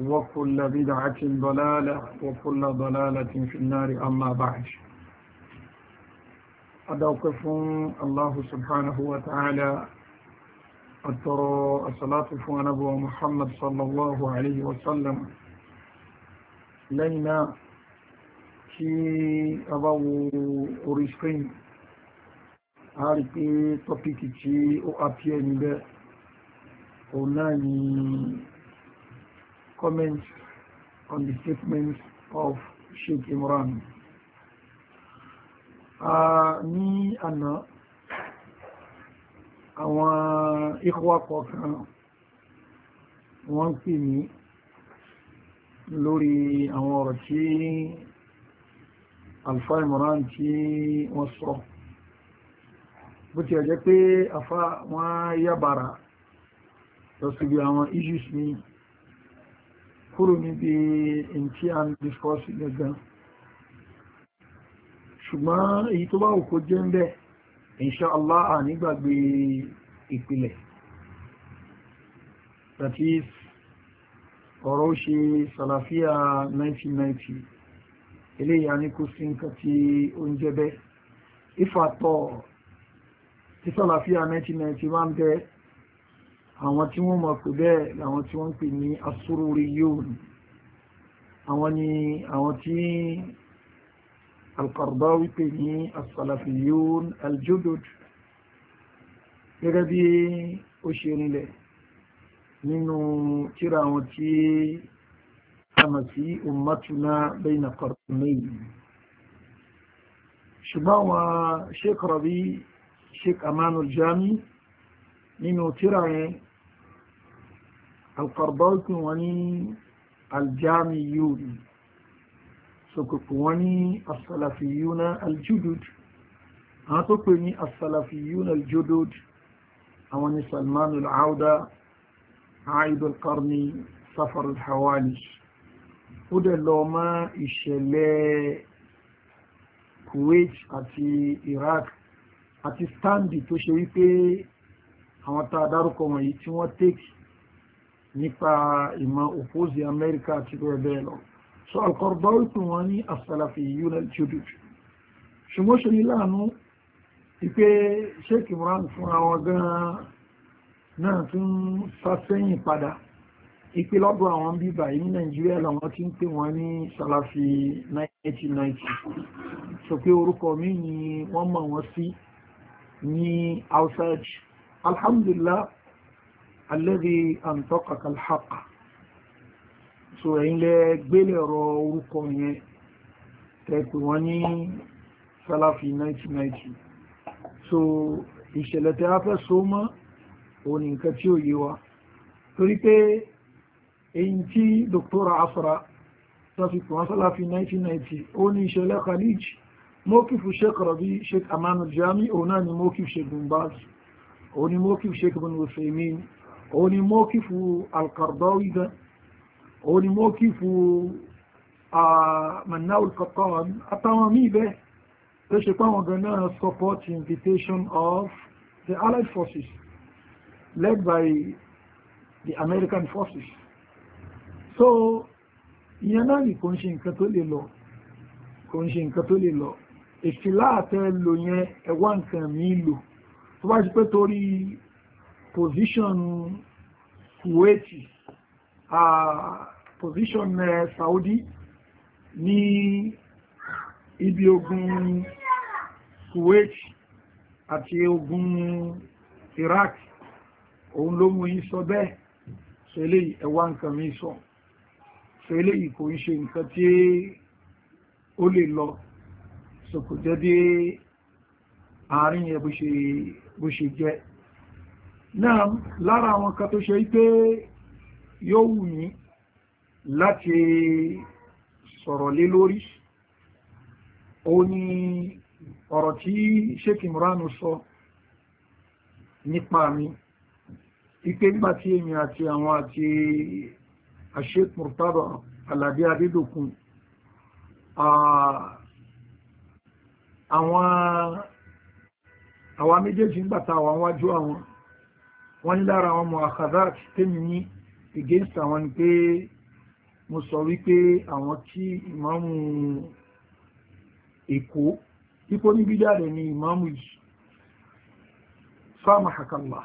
وكل بدعة ضلالة وكل ضلالة في النار أما بعد أدوقف الله سبحانه وتعالى أترى الصلاة فنبوة محمد صلى الله عليه وسلم لينا كي أبو رزقين هاريكي توبيكي تي أو أبيان بي أو comment on the statements of Sheikh Imran. Ní ana àwọn ikhwa kọ̀ọ̀kan wọ́n pè mí lórí àwọn ọ̀rọ̀ tí Alfa Imran tí wọ́n sọ. Bó ti ẹ̀jẹ́ pé àfá wọ́n yábàrà lọ àwọn issues mìí kúrò níbi ìntí à ń discourse gangan ṣùgbọ́n èyí tó bá òkú jẹ́ ń bẹ́ inshallah à nígbàgbé ìpìlẹ̀ that is ọ̀rọ̀ ṣe sàlàfíà 1990 eléyà ní kò sí nǹkan tí ó ń jẹ́ bẹ́ ìfàtọ̀ tí sàlàfíà 1990 máa ń bẹ́ẹ̀ àwọn tí wọ́n mọ̀ pé bẹ́ẹ̀ làwọn tí wọ́n ń pè ní as-sururiyyun àwọn ni àwọn tí al-Qaradawi pè ní as-salafiyyun al-judud gẹ́gẹ́ bí ó ṣe rinlẹ̀ nínú tíra àwọn tí a sí ummatuna bayna qarnayn ṣùgbọ́n àwọn Sheikh Rabi Sheikh Amanul Jami nínú tíra yẹn alkarbal pè wọ́n ní aljamiyun so kò pè wọ́n ní asalafiyuna aljudud àwọn tó pè ní asalafiyuna aljudud àwọn ni salman al'auda aid alkarni safar alhawali ó dẹ̀ lọ mọ́ kuwait àti iraq àti stanley tó ṣe wípé àwọn tá a dárúkọ wọ̀nyí tí wọ́n nípa ìmọ̀ òfóòsì amẹ́ríkà àti rẹ̀bẹ̀ lọ so Al-Qaradawi pè wọ́n ní as-Salafiyyun al-judud ṣùgbọ́n ṣe ní láàánú ìpé Sheikh Imran fúnra wọn gan-an náà tún sásẹ́yìn padà ìpé lọ́dọ̀ àwọn bíbà yìí ní Nàìjíríà làwọn ti ń pè wọ́n ní Salafi 1990 sọ pé orúkọ mi ni wọ́n mọ̀ wọ́n sí ní outside alhamdulillah alladhi antaqaka alhaq so ẹ̀yin lẹ gbélé ọ̀rọ̀ orúkọ yẹn tẹ́pù wọ́n ní salafi 1990 so ìṣẹ̀lẹ̀ tẹ́ afẹ́ so mọ́ òun ní nǹkan tí ó yé wa torí pé èyí tí dr afra sọ́fíkù wọn salafi 1990 ó ní ìṣẹ̀lẹ̀ khalij mọ́kífù sheikh rabi amanu jami òun náà ni mọ́kífù sheikh bin baz ni mọ́kífù sheikh bin òun ni mọ́kífù alkardawi gan òun ni mọ́kífù mannaul kọ̀kan àtàwọn míì bẹ́ẹ̀ tó ṣe páwọn gan náà support invitation of the allied forces led by the american forces so ìyẹn náà ni kò ń ṣe nǹkan tó lè lọ kò ń ṣe nǹkan tó lè lọ èsì láàtẹ yẹn ẹwà nǹkan mi lò tó bá ṣe pé torí position Kuwaiti uh, position uh, Saudi ni ibi ogun Kuwaiti àti ogun Iraq òun ló mú yí sọ bẹ́ẹ̀ sọ eléyìí ẹwà nǹkan mi sọ sọ eléyìí kò nǹkan tí ó lè lọ sọ jẹ́ dé àárín ẹ̀ bó ṣe jẹ́ náà lára àwọn kan tó ṣe wípé yóò wù mí láti sọ̀rọ̀ lé lórí ó ní ọ̀rọ̀ tí Sheikh Imran sọ nípa mi ipe nígbà tí èmi àti àwọn àti Sheikh Murtada Adédòkun àwọn àwa méjèèjì ń àwọn wájú àwọn wọ́n ní lára àwọn ọmọ àkàdá tèmi ní against àwọn ni pé mo sọ wípé àwọn tí ìmáàmù èkó pípọ́ níbi dáre ni ìmáàmù yìí fáàmà àkàlà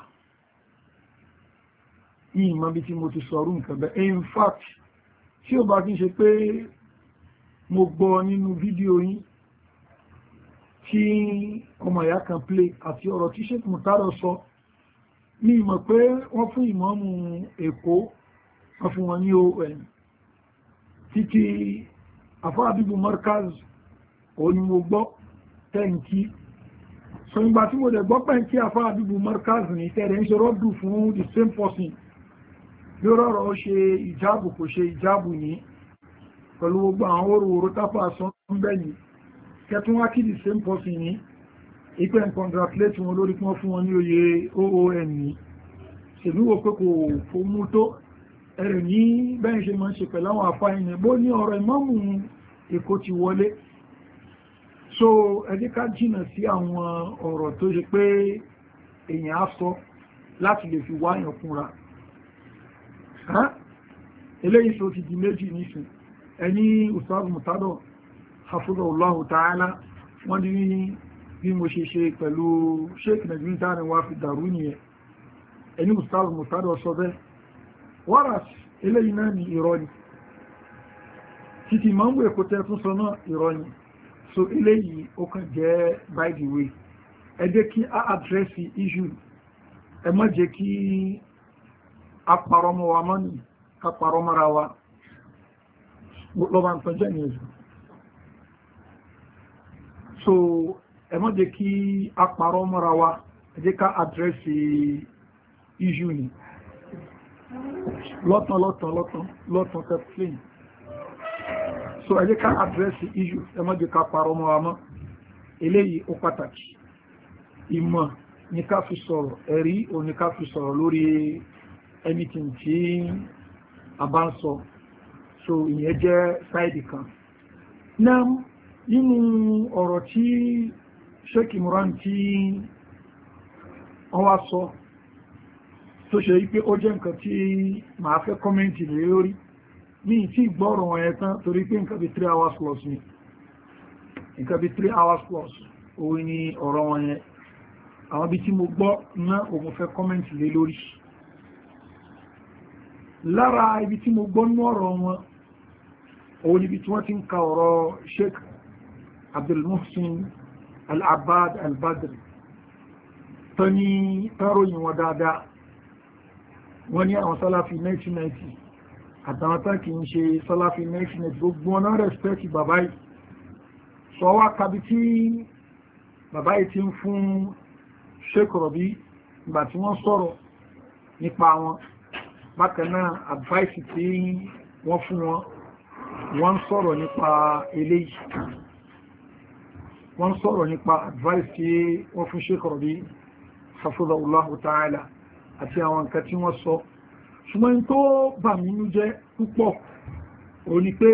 ìmọ̀ bí tí mo ti sọ̀rọ̀ nǹkan bẹ́ẹ̀ in fact tí ó bá kí n ṣe pé mo gbọ́ nínú fídíò yín tí ọmọ ìyá kan play àti ọ̀rọ̀ tí sheik mutaro sọ so, ní ìmọ̀ pé wọ́n fún ìmọ̀mù èkó wọ́n fún wọn ní on títí afọ́àbíbù markaz onímọ̀ gbọ́ tẹ́ǹkí so ìgbà tí mo dẹ̀ gbọ́ pẹ́ǹkí afọ́àbíbù markaz ní tẹ́rẹ ń ṣe rọ́dù fún the same person lórí ọ̀rọ̀ ṣe ìjábù kò ṣe ìjábù ní pẹ̀lú gbogbo àwọn oròorò tápà sọ́ńbẹ́ ipe n congratulate wọn lórí kí wọ́n fún wọn ní oyè oon ní ṣèlú wo pé kò fomú tó ẹ̀rẹ̀ ní bẹ́yìn ṣe máa ṣe pẹ̀láwọn àfáyìn bó ní ọ̀rọ̀ ìmáàmù èkó ti wọlé so ẹdí ká jìnà sí àwọn ọ̀rọ̀ tó ṣe pé èèyàn á sọ láti lè fi wáyàn kúnra eléyìí tó ti di méjì nísìn ẹni ustaz mutadọ hafizahullahu ta'ala wọ́n ní bí mo ṣe ṣe pẹ̀lú sheik najmin tani wa fi dàrú nìyẹn ẹni ustaz mustad sọ bẹ́ẹ̀ waras eléyìí náà ni irọ́ ni títí máa ń wò èkó tún sọ náà irọ́ so eléyìí ó kàn jẹ́ by the way ẹ kí a àdírẹ́sì issue ẹ má jẹ́ kí a parọ́ mọ́ wa mọ́ ni ká parọ́ mọ́ra wa lọ́ba nǹkan jẹ́ nìyẹn so ẹ má jẹ́ kí a parọ́ mọ́ra wa ẹ jẹ́ ká àdírẹ́sì iṣu ni lọ́tàn lọ́tàn lọ́tàn lọ́tàn kẹfìlín so ẹ jẹ́ ká àdírẹ́sì iṣu ẹ má jẹ́ ká parọ́ mọ́ra mọ́ eléyìí ó pàtàkì ìmọ̀ ní ká fi sọ̀rọ̀ ẹ̀rí ò ní ká fi sọ̀rọ̀ lórí anything tí a bá ń sọ so ìyẹn jẹ́ sáìdì kan náà nínú ọ̀rọ̀ tí Sheikh Imran tí wọ́n wá sọ tó ṣe wípé ó jẹ́ nǹkan tí màá fẹ́ kọ́mẹ́ǹtì lè lórí ní ìtí ìgbọ́rọ̀ wọn ẹ̀tán torí pé nǹkan bí 3 hours plus ni nǹkan bí 3 hours plus òun ni ọ̀rọ̀ wọn yẹn àwọn bí tí mo gbọ́ ná òun fẹ́ kọ́mẹ́ǹtì lè lórí lára ibi tí mo gbọ́ nú ọ̀rọ̀ wọn òun ibi tí wọ́n ti ń ka ọ̀rọ̀ Sheikh Abdul Muhsin al-abbad al-badri tó ní táròyìn wọn dáadáa wọ́n ní àwọn sálàfí 1990 àtàwọn tán kì í ṣe sálàfí 1990 gbogbo ọ̀nà rẹ̀spẹ̀tì bàbá yìí sọ wá kabi tí bàbá yìí ti fún Sheikh Rabi ìgbà wọ́n sọ̀rọ̀ nípa wọn bákan advice tí wọ́n fún wọn wọ́n sọ̀rọ̀ nípa eléyìí wọ́n sọ̀rọ̀ nípa advice tí wọ́n fún Sheikh Rabi hafizahullahu ta'ala àti àwọn nǹkan tí wọ́n sọ ṣùgbọ́n tó bà mínú jẹ́ púpọ̀ ò ní pé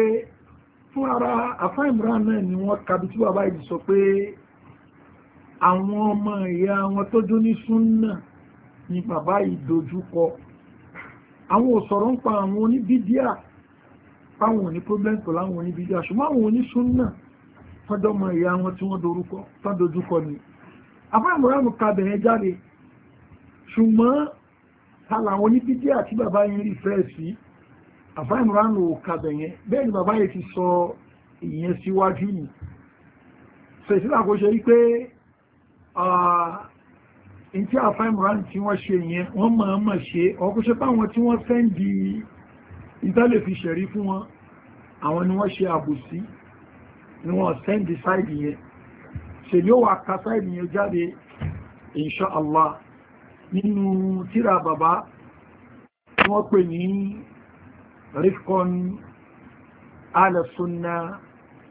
fún ara afá Imran náà ni wọ́n kàbí tí bàbá ìdí sọ pé àwọn ọmọ ìyá wọn tó jó ní súnnà ni bàbá ìdojúkọ àwọn òsọ̀rọ̀ ń pa àwọn oníbídíà páwọn oníbídíà ṣùgbọ́n àwọn onísúnnà tọ́jọ́mọ ìyá wọn tí wọ́n dojúkọ ni afẹ́mùránù kabẹ̀rẹ̀ jáde ṣùgbọ́n tàlàwọn oníbídí àti bàbá yẹn rí fẹ́ sí afẹ́mùránù kabẹ̀yẹn bẹ́ẹ̀ ni bàbá yẹn ti sọ ìyẹn síwájú ni sẹ̀sílà kò ṣe rí pé in tí afẹ́mùránù tí wọ́n ṣe yẹn wọ́n máa mọ̀ ṣe ọkùnṣe páwọn tí wọ́n fẹ́ ń di ìtàlẹ̀ fún wọn àwọn ni wọ́n ṣe àbòsí ni wọ́n sẹ́ndì sáìdì yẹn ṣe ni ó wà ká sáìdì yẹn jáde insha Allah nínú tíra bàbá wọ́n pè ní rifkon alẹ́sùnà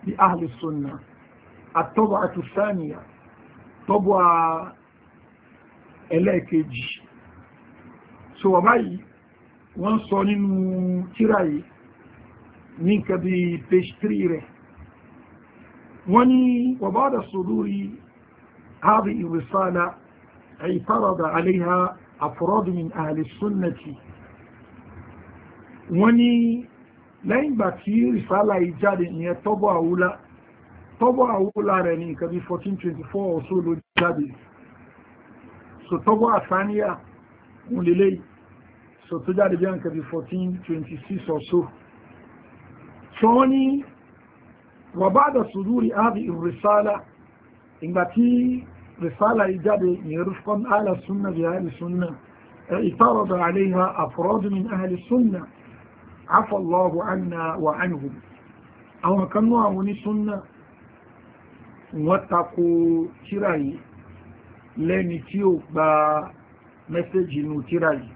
bí ahlẹ́sùnà àtọ́bọ̀ àtúsáníyà tọ́bọ̀ ẹlẹ́ẹ̀kejì so wà báyìí wọ́n sọ nínú tíra yìí ní nǹkan bí page 3 rẹ̀ وني وبعد صدور هذه الرسالة اعترض عليها أفراد من أهل السنة وني لين باتي رسالة إيجاد إن طبع أولى طبع أولى رني كبي 1424 أصول إيجاد so طبع ثانية وللي so تجاري بيان كبي 1426 أصول so وني wàbáàdà sùdúrì áàbì ìrìsálà ìgbà tí rìsálà yìí jáde ìrìfọ́n àlà súnà bí àhàlì súnà ìtàrọ̀dà àléhà àfọ́rọ́dù min àhàlì súnà afọ́lọ́hù àná wà ánìhù àwọn kan náà àwọn ní súnà wọ́n tako tíra yìí lẹ́ni tí ó gba mẹ́sẹ̀jì inú tíra yìí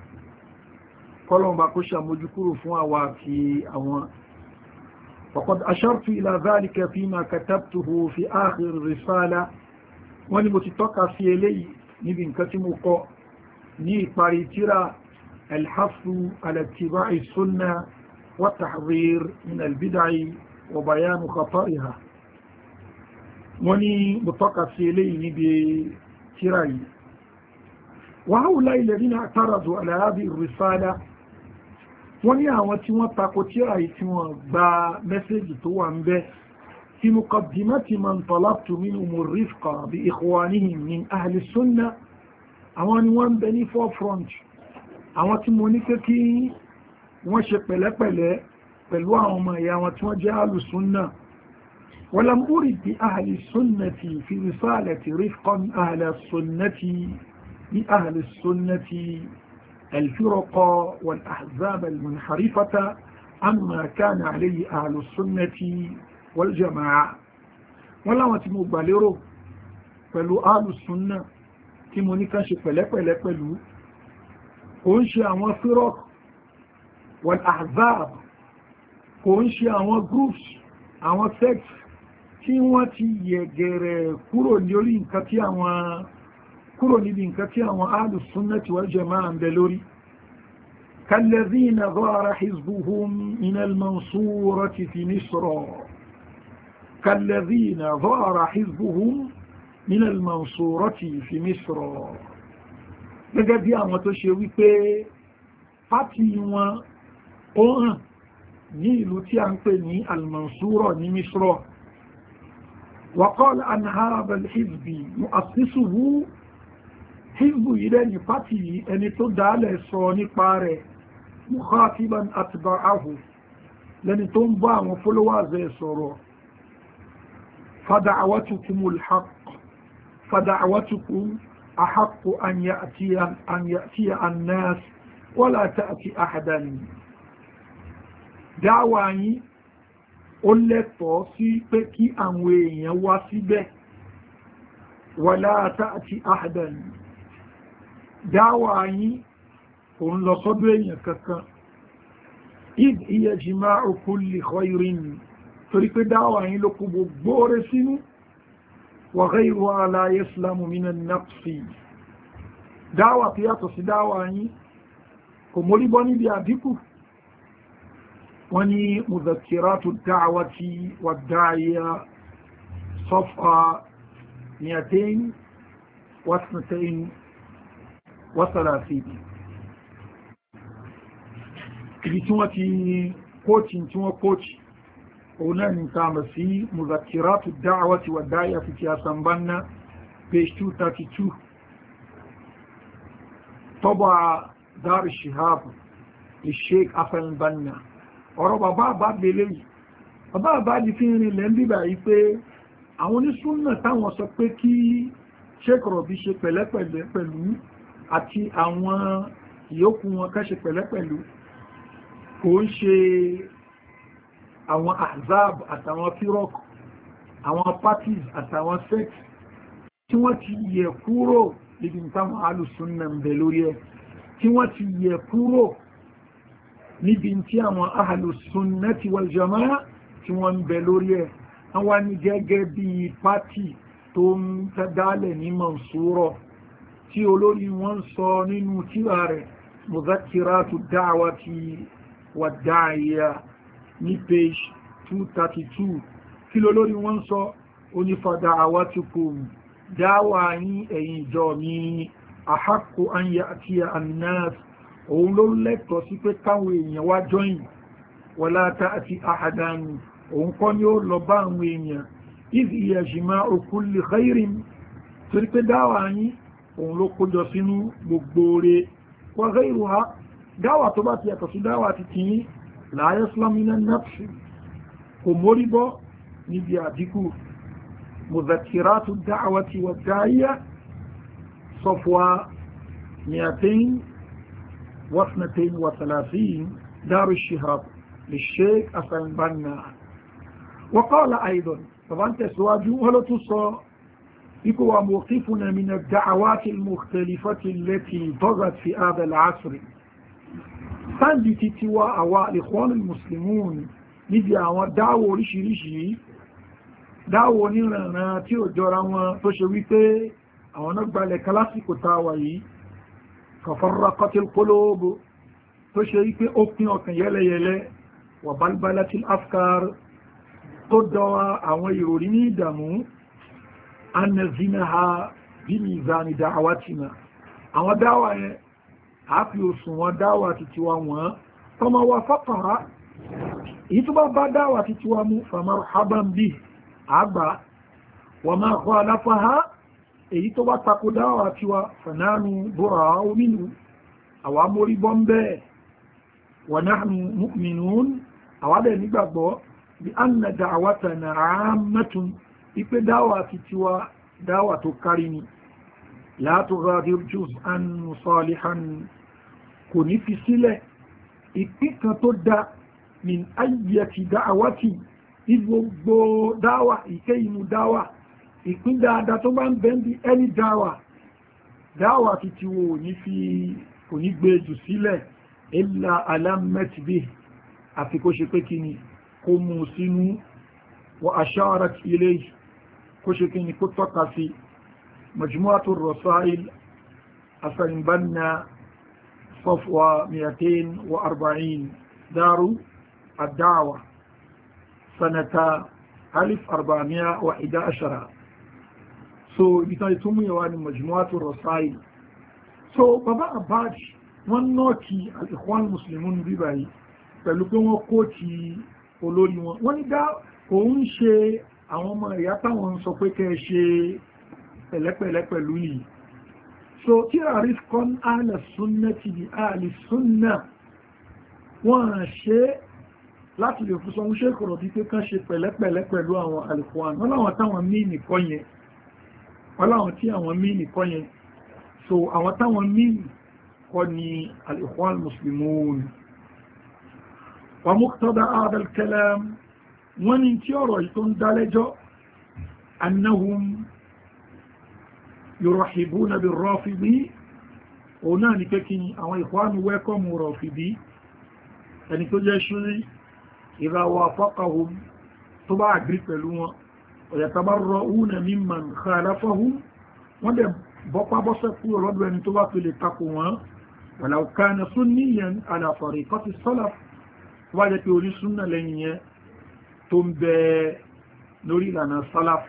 وقد أشرت إلى ذلك فيما كتبته في آخر الرسالة ونمتطقى في إلي نبن كتمك ني باريترا الحفظ على اتباع السنة والتحذير من البدع وبيان وني ونمتطقى في إلي بتراي وهؤلاء الذين اعترضوا على هذه الرسالة wọ́n ní àwọn tí wọ́n tako tíra yìí tí wọ́n gba mẹ́sẹ́jì tó wà ń bẹ́ fi muqaddimati man talabtu minhum rifqa bi ikhwanihim min ahli sunna àwọn ni wọ́n ń bẹ ní forefront àwọn tí mo ní pé kí wọ́n ṣe pẹ̀lẹ́pẹ̀lẹ́ pẹ̀lú àwọn ọmọ ìyá wọn tí wọ́n jẹ́ ahli sunna ولم أرد بأهل السنة في رسالة رفقا أهل السنة بأهل السنة الفرق والأحزاب المنحرفة عما كان عليه أهل السنة والجماعة ولا وتمو باليرو pẹ̀lú alùsùnà tí mo ní kan ṣe pẹ̀lẹ́pẹ̀lẹ́ pẹ̀lú kò ń ṣe àwọn firok wal ahzab kò ń ṣe àwọn groups àwọn sects tí wọ́n ti yẹ̀gẹ̀rẹ̀ kúrò lórí nǹkan tí àwọn kúrò níbi nǹkan tí àwọn ahlu sunnati wal jama'a ń bẹ lórí kallazina dhara hizbuhum min al-mansurati fi misra kallazina dhara hizbuhum min al-mansurati fi misra gẹ́gẹ́ bí àwọn tó ṣe wípé pátì wọn ó hàn ní ìlú tí a ń pè ní al-mansura ní misra وقال أن هذا الحزب مؤسسه hizbu yìí lẹ́yìn pátì yìí ẹni tó dálẹ̀ sọ nípa rẹ̀ mukhatiban atba'ahu lẹ́ni tó ń bá àwọn followers ẹ̀ sọ̀rọ̀ fada'awatukumul haqq fada'awatukum ahaqq an ya'tiya an ya'tiya an-nas wala ta'ti ahadan dáwà yín ó lẹ́tọ̀ọ́ sí pé kí àwọn èèyàn wá síbẹ̀ wala ta'ti ahadan dáwà yín òun lọ sọ́dọ̀ èèyàn kankan id iye jìmá kulli khairin torí pé dáwà yín ló kó gbogbo rẹ sínú wa ghayru ala yaslamu minan nafsi dáwà tó yàtọ̀ sí dáwà yín kò mórí níbi àdínkù wọ́n ní mùzàkìrátù dáwà tí wà dáyà sọ́fà 200 wà 200 wọ́sàràfíì ibi tí wọ́n ti kóòtì tí wọ́n kóòtì òun náà ní ta mọ̀ sí muzakiratu da'awati wa da'iya fi ti asambanna page 232 tọ́bà dar shihab sheik afẹ́lbanna ọ̀rọ̀ bàbá bá gbélé yìí bàbá bá di fi rin lẹ́ àwọn onísúnnà táwọn sọ pé kí sheik rọ̀bí ṣe pẹ̀lẹ́pẹ̀lẹ́ pẹ̀lú àti àwọn ìyókù wọn káṣe pẹ̀lẹ́pẹ̀lú kò ń ṣe àwọn azab àtàwọn firok àwọn parties àtàwọn sects tí wọ́n ti yẹ kúrò níbi táwọn alùsùnnà ń bẹ lórí ẹ̀ tí wọ́n ti yẹ kúrò níbi tí àwọn alùsùnnati wal jamaa tí wọ́n ń bẹ lórí ẹ̀ àwọn ni gẹ́gẹ́ bí pátì tó ń dálẹ̀ ní mọ̀súrọ̀ tí olórí wọn sọ nínú tíra rẹ̀ muzakiratu da'wati wa da'iya ní page 232 kí lolórí wọn sọ onífàdà àwátíkùn dáwà ní ẹ̀yìn ìjọ mi àhákò anya àti annas òun ló lẹ́tọ̀ sí pé káwọn èèyàn wá jọyìn wọlá ta àti àhàdánù òun kọ́ ni ó lọ bá àwọn èèyàn ìdí ìyàjìmá òkú lè khairin torí pé dáwà yìí òun ló kójọ sínú gbogbo rẹ̀ wọ́gẹ́ ìwà dáwà tó bá ti yàtọ̀ sí dáwà ti ti yí láyé slamina napsi kò mórí bọ́ níbi àdínkù muzakiratu dáwà ti wà dáyà sọfọ́wà miatain wasnatain wa salasin daru shihab للشيخ أسان بنا وقال أيضا طبعا تسواجه ولو تصور يقول وموقفنا من الدعوات المختلفة التي ضغت في هذا العصر sáàdì títí wá àwa ìkwọ́nù mùsùlùmún níbi àwọn dáwò oríṣiríṣi dáwò onírànràn tí ò jọra wọn tó ṣe wípé àwọn náà gbalẹ̀ kálásìkò tá a wà yìí kọfọ́rọ́ kọtíl polówó tó ṣe wípé ó pín ọkàn yẹ́lẹ́yẹ́lẹ́ wà balbalatil afkar tó dọwa àwọn ìròrí ní ìdààmú anazinaha bimizani da'awatina àwọn dáwà yẹn a fi òsùn wọn dáwà títí wa wọ́n tọmọ wa fàtàrà èyí tó bá bá dáwà títí wa mú fàmà haban bí àgbà wà máa kọ́ aláfáà èyí tó bá takò dáwà tí wa bóra omínú àwa mórí bọ́m bẹ́ẹ̀ wà nahnu mu'minun àwa bẹ̀ nígbàgbọ́ bí anna da'awatana ammatun ipe dáwà ti tiwa dáwà tó kárí ni látò radio juice and salihan kò ní fi sílẹ̀ ìpín kan tó dá ní ayé ti dáwà ti gbogbo dáwà ìké inú dáwà ìpín dáadáa tó bá ń bẹ́ bí ẹni dáwà dáwà ti tiwo kò ní gbé jù sílẹ̀ illa alamẹ́tìbí àfi kó ṣe pé kí ni kó mú sínú wa asharat ilayhi kó ṣe kí ni kó tọ́ka sí majmuatu rasail asarimbanna safwa 240 daru ad-da'wa sanata 1411 so ibi tán ìtumú yẹwà ni majmuatu rasail so baba Abbad wọ́n náà kí al-Ikhwan pẹ̀lú pé wọ́n kó ti olórí wọn wọ́n ní dá òun ṣe àwọn ọmọ ìyá táwọn ń sọ pé kẹ́ ṣe pẹ̀lẹ́pẹ̀lẹ́ pẹ̀lú yìí so tí àrífkọ́n ààlẹ̀ súnnà ti di ààlẹ̀ súnnà wọ́n à ṣe láti lè fún sọmúṣẹ́ ìkọ̀rọ̀ bí pé kán ṣe pẹ̀lẹ́pẹ̀lẹ́ pẹ̀lú àwọn alìkọ̀wàn wọ́n láwọn táwọn so àwọn táwọn míì kọ́ ni alìkọ̀wàn mùsùlùmí wọn wọ́n ní tí ọ̀rọ̀ yìí tó ń dálẹ́jọ́ annahum yurahibuna bi rafidi òun náà ni pé kí ni àwọn ikhwanu welcome rafidi ẹni tó jẹ́ ṣúrí idha wafaqahum tó bá àgírí pẹ̀lú wọn yatabarra'una mimman khalafahum wọ́n dẹ̀ bọ́pá tó ń bẹ lórí ìlànà salaf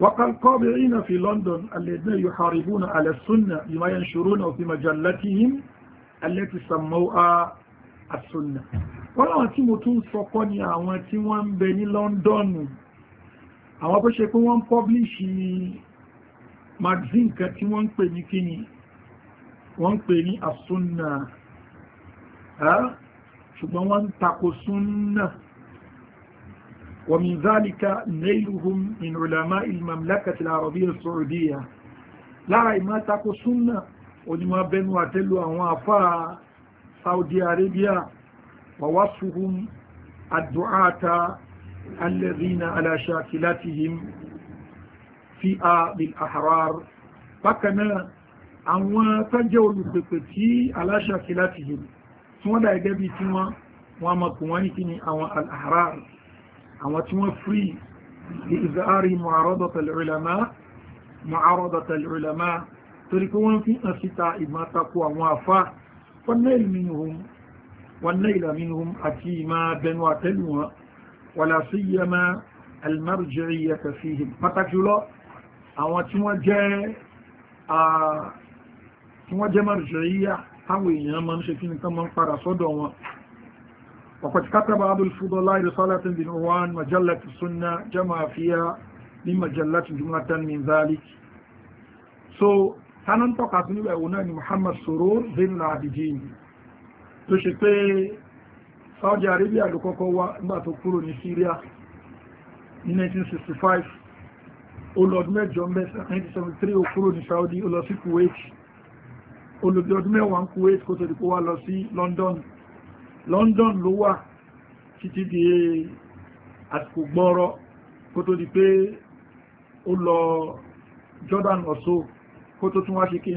وقال قابعين في لندن الذين يحاربون على السنة بما ينشرونه في مجلتهم التي سموها السنة wọ́n àwọn tí mo tún sọkọ́ ni àwọn tí wọ́n ń bẹ ní London àwọn bó ṣe pé wọ́n ń pọ́blíṣì magazine kan tí wọ́n pè ní kíni wọ́n pè ní àsúnnà ṣùgbọ́n wọ́n ń tako súnnà ومن ذلك نيلهم من علماء المملكة العربية السعودية lára ìmátakò súnnà onímọ̀ abẹnu àtẹ́lù àwọn àfáà Saudi Arabia ووصفهم الدعاة الذين على شاكلتهم فئة بالأحرار bákan náà àwọn tánjẹ́ olùpẹ̀pẹ̀ tí aláṣàkí láti yìí tí wọ́n dá ẹgẹ́ bí tí wọ́n wọ́n mọ̀kùn wọ́n ní kí ni àwọn al-ahrar àwọn tí wọ́n frí ní ìzáàrí mọ̀árọ́dọ̀tẹ̀lẹ̀ ìrìnlẹ̀má torí kí wọ́n fi hàn síta ìmọ̀tako àwọn afá wọ́n náìlà mínúhùn àti ìmá bẹnu àtẹ́lù wọn wàlá sí yẹmá almarjiyya fihim pàtàkì lọ àwọn tí wọ́n jẹ́ وقد كتب بعض الفضلاء رسالة بعنوان مجلة السنة جمع فيها من مجلات جملة من ذلك so sanan tọ́ka sí níbẹ̀ òun náà ni Muhammad Surur Zainul Abidin tó ṣe pé Saudi Arabia ló kọ́kọ́ wá nígbà tó kúrò ní Syria ní 1965 ó lọ ọdún mẹ́jọ 1973 ó kúrò ní Saudi ó lọ sí Kuwait ó lọ bí ọdún mẹ́wàá Kuwait kó tó di kó wá lọ sí London London ló wà títí di àsìkò gbọ́rọ̀ kó tó di pé ó lọ Jordan ọ̀sọ́ kó tó tún wá ṣe kí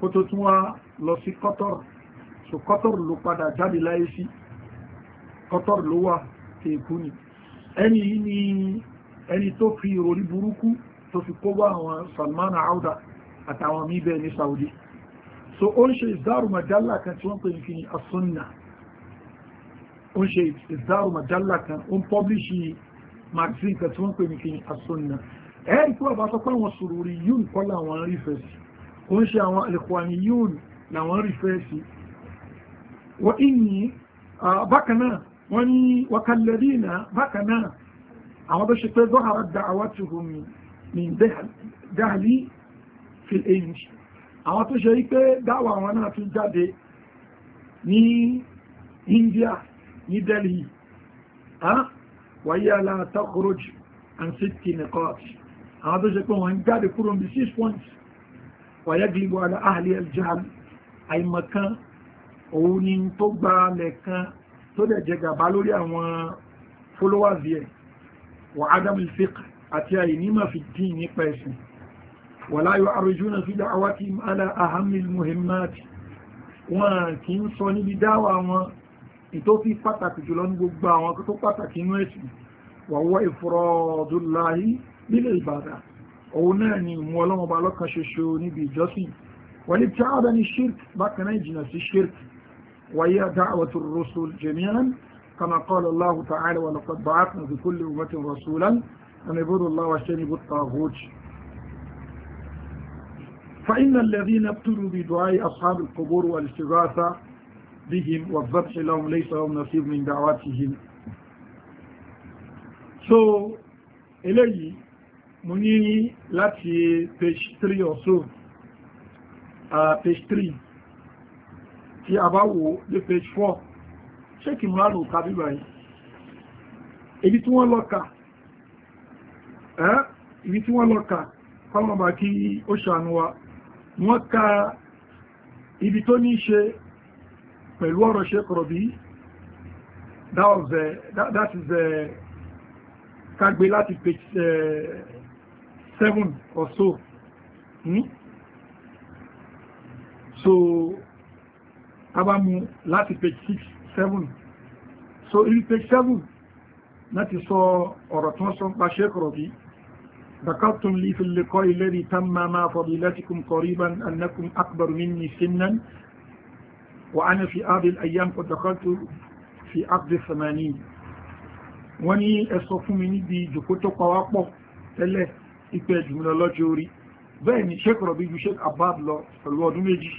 kó tó tún wá lọ sí Qatar so Qatar ló padà jáde láyé sí Qatar ló wà tèèkú ni ẹni yìí ẹni tó fi orí burúkú tó fi kó bá àwọn Salman Auda àtàwọn míbẹ̀ ní Saudi so ó ń ṣe ìdárùmọ̀dálà kan tí wọ́n pè ní kí ni asúnnà ó ń ṣe ìdáhùn màjálà kan ó ń pọ́blíṣì magazine kan tí wọ́n pè ní kí asúnà ẹ̀ẹ́rì tí wọ́n bá sọ pé àwọn sùúrù yún kọ́ làwọn rí fẹ́ sí ó ń ṣe àwọn àlèkùnrin yún làwọn rí fẹ́ sí wọ́n ìní bákan náà wọ́n ní wákàlẹ́rì náà bákan náà àwọn bó ṣe pé dọ́hàrá dáhàwá ti hù mí ní dáhàlì fi èyí àwọn tó ṣe wípé dáwà àwọn náà tún jáde ní India ní delhi wáyé aláàtàkùrọ̀j and city nìkọ́t àwọn tó ṣe pé wọ́n ń jáde kúrò ní six points wáyé gbígbó ala ahli aljahal àìmọ̀kan òun ni tó gba lẹ́kan tó dẹ̀ jẹ gàba lórí àwọn followers yẹn wà adam al-fiqh àti àìnímọ̀ fi dín nípa ẹ̀sìn wala yu'arrijuna fi da'awatihim ala ahammi al-muhimmati wọn kì í sọ níbi dáwà wọn ìtófí pàtàkì jùlọ ní gbogbo àwọn tó pàtàkì inú ẹ̀sìn wàwọ́ ìfọ́rọ̀dúnláhí nílẹ̀ ìbàdà òun náà ni ìmú ọlọ́mọba lọ́kan ṣoṣo níbi ìjọsìn wọ́n ni tààdà ní shirk bákan náà ìjìnà sí shirk wáyé dáwàtú rusul jami'an kama qala Allahu ta'ala wa laqad ba'athna فإن الذين ummatin بدعاء أصحاب القبور Allah بهم والذبح لهم ليس لهم نصيب من دعواتهم so eléyìí mo ní láti page 3 or so uh, page 3 tí a bá wò dé page 4 ṣé kí mo ránù ká bíbá yìí ibi tí wọ́n lọ́ka ibi tí wọ́n lọ́ka kọ́lọ̀mà kí ó ṣàánú wa wọ́n ka ibi tó ní ṣe pẹ̀lú ọ̀rọ̀ Sheikh Rabi that was uh, that, that is uh, kagbe láti page uh, seven or so hmm? so abamu láti page six seven so ibi page seven láti sọ ọ̀rọ̀ tí sọ ń pa Sheikh Rabi ذكرتم لي في اللقاء الذي تم ما فضيلتكم قريبا أنكم أكبر مني سنا وأنا في هذه الأيام قد دخلت في عقد الثمانين wọ́n ní مني fún mi níbi ìjòkó tó pàwápọ̀ tẹ́lẹ̀ ìpẹ́ jùmọ̀lọ lọ́jọ́ orí bẹ́ẹ̀ ni Sheikh Rabi ju Sheikh Abbad lọ pẹ̀lú ọdún méjì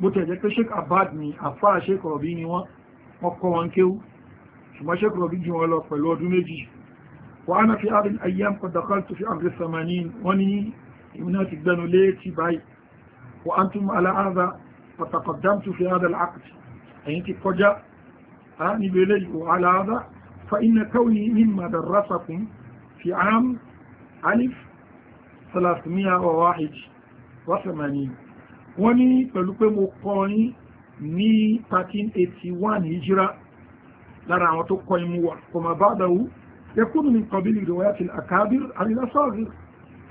bó tẹ̀jẹ́ pé Sheikh Abbad ni àfáà Sheikh Rabi ni wọ́n kọ́ wọn kéwú ṣùgbọ́n Sheikh Rabi ju wọn lọ pẹ̀lú ọdún méjì wọ́n á fi àárín ayyam qad dakhaltu fi àgbẹ̀ samanin wọ́n ní ìmúná ti gbẹnu lé ti báyìí wọ́n á tún mọ́ وتقدمت في هذا العقد أي أنت قجا أني بلي وعلى هذا فإن كوني مما درسكم في عام ألف 301 و80 وني فلوكي مقوني ní 1381 hijira lára àwọn tó kọ imú wa kò máa bá dáwú yẹkúnnù ní kọbílì ìrọ̀wáyàtì àkábìr àrílásọ́ọ̀rì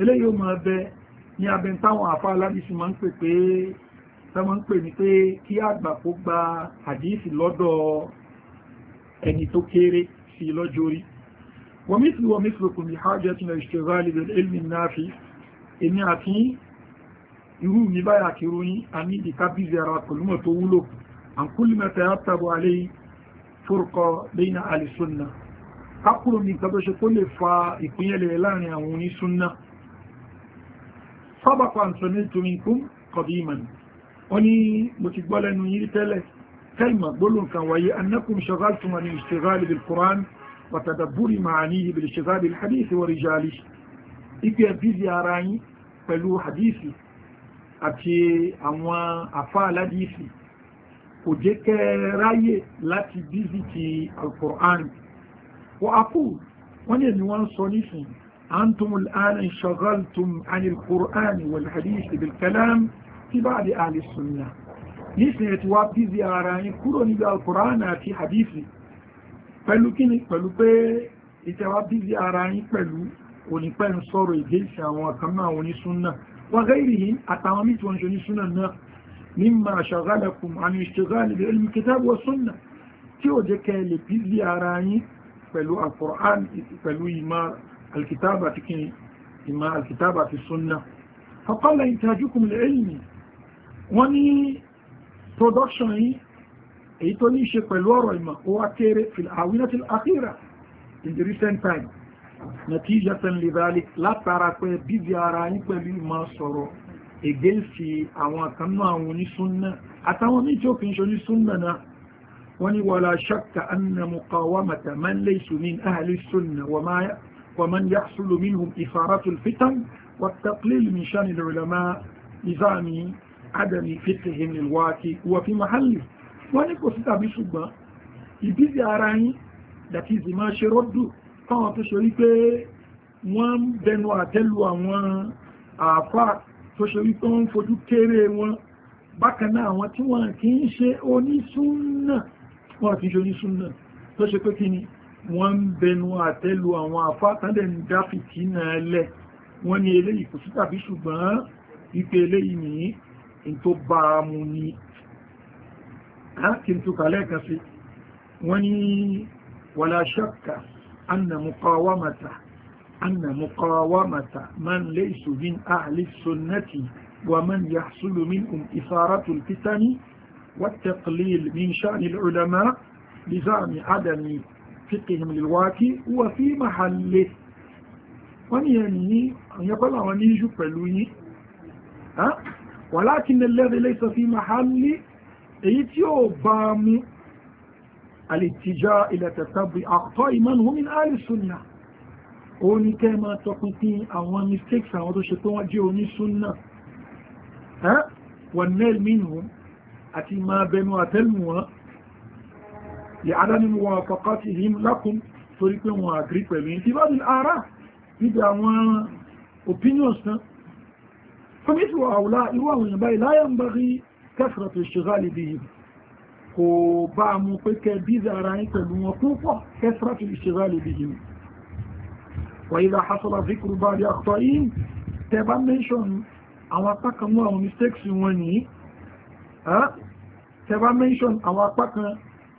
eléyìí ó máa bẹ ní abẹ́ntáwọn àfá aládìsí máa ń pè pé sọ́mọ́ ń pè ní pé kí àgbà kó gba hadisi lọ́dọ̀ ẹni tó kéré sí lọ́jọ́ orí ومثل ومثلكم بحاجتنا اشتغال بالعلم النافع èmi àti irú mi báyà kí ròyìn a ní ìdíká bí zẹ̀rọ pẹ̀lúmọ̀ tó wúlò an kulli ma tayattabu alayhi furqa bayna ahli sunnah kákùrò ní ṣe kó lè fa ìpínyẹlẹ̀ láàrin àwọn onísúnnà sábàkọ̀ àǹtọ̀nẹ́tò minkum qadiman ó ní mo ti gbọ́ lẹ́nu yìí tẹ́lẹ̀ kalma gbólóhùn kan wáyé annakum shagaltum an ishtighali bil quran wa tadabburi ma'anihi bil ishtighali bil hadith wa rijali ipe bizi ara yín pẹ̀lú hadisi àti àwọn أنتم الآن kò عن القرآن والحديث بالكلام. اتباع لأهل السنة nísìnyẹ̀ tí wá bízi ara yín kúrò níbi alkùránà àti hadithi pẹ̀lú kíni pẹ̀lú pé ìtẹ̀wá bízi ara yín pẹ̀lú onípẹ́ ń sọ̀rọ̀ ìgbésí àwọn àkànnà àwọn onísúnnà wọ́n gẹ́rì yìí àtàwọn mítí wọn ṣe onísúnnà náà mímọ̀ àṣàgálẹ̀kùn àmì ìṣẹ́gálẹ̀ bí ilmi kitabu wa súnnà tí ó jẹ́ kẹ́ lè bízi ara yín pẹ̀lú alkùrán pẹ̀lú ìmọ̀ alkitaba àti kíni ìmọ̀ alkitaba àti súnnà faqala intajukum lil ilmi wọ́n ní production yìí èyí tó ní ṣe pẹ̀lú ọ̀rọ̀ ìmọ̀ ó wá kéré fil àwínàtí àkírà in the recent time natija tan lidhalik látara pé bíbí ara yín pẹ̀lú ìmọ̀ sọ̀rọ̀ ègé fi àwọn àkànnú àwọn onísúnnà àtàwọn míì tí ó fi ń ṣe onísúnnà náà wọ́n ní wala shakka anna muqawamata man laysa min ahli sunna wa man yahsulu minhum ifaratul fitan wa taqlil min shani al-ulama adami fitihim ilwaki wà fi mahalli wọ́n ní kò sí tàbí ṣùgbọ́n ìbízi ara yín dàti ìzìmá ṣe rọ́dù táwọn tó ṣe wípé wọ́n ń bẹnu àtẹ́lu àwọn àfà tó ṣe wípé wọ́n fojú kéré wọn bákan àwọn tí wọ́n kì í ṣe onísúnnà tó ṣe pé kí ni wọ́n ń bẹnu àtẹ́lu àwọn àfà tàbí ń dá fìtínà lẹ̀ wọ́n ní eléyìí kò sí tàbí ṣùgbọ́n ìpele yìí tó bá a mú ní kí n túkà lẹ́ẹ̀kan sí wọ́n ní wàlá ṣọ́kà anna muqawamata anna muqawamata man laysa min ahli sunnati wa man yahsulu minhum ifaratu al-fitani والتقليل من شأن العلماء لزعم عدم فقههم للواقع هو محله wọ́n ni ẹni ní àyẹ́kọ́lá ní ìṣù pẹ̀lú yí ولكن الذي ليس في محل ايتيو بام الاتجاه الى تتبع اخطاء من هم من اهل السنه oni kẹ́ máa tọpinpin àwọn mistakes àwọn tó ṣe tó wọ́n jẹ́ onísúnnà wọ́n nẹ́l mínú àti máa bẹnu àtẹ́lù wọn lè adánimu wọn fọ́kọ́tí ìhìn lákùn torí pé wọ́n àgírí pẹ̀lú ìfibádìí ara níbi àwọn opinions náà فمثل هؤلاء وهم ينبغي لا ينبغي كثرة الاشتغال بهم وبعمو بك رأيك الموقوفة كثرة الاشتغال بهم وإذا حصل ذكر بعض أخطائهم تبا منشن أو أتاك مستكسي واني وني ها تبا منشن أو أتاك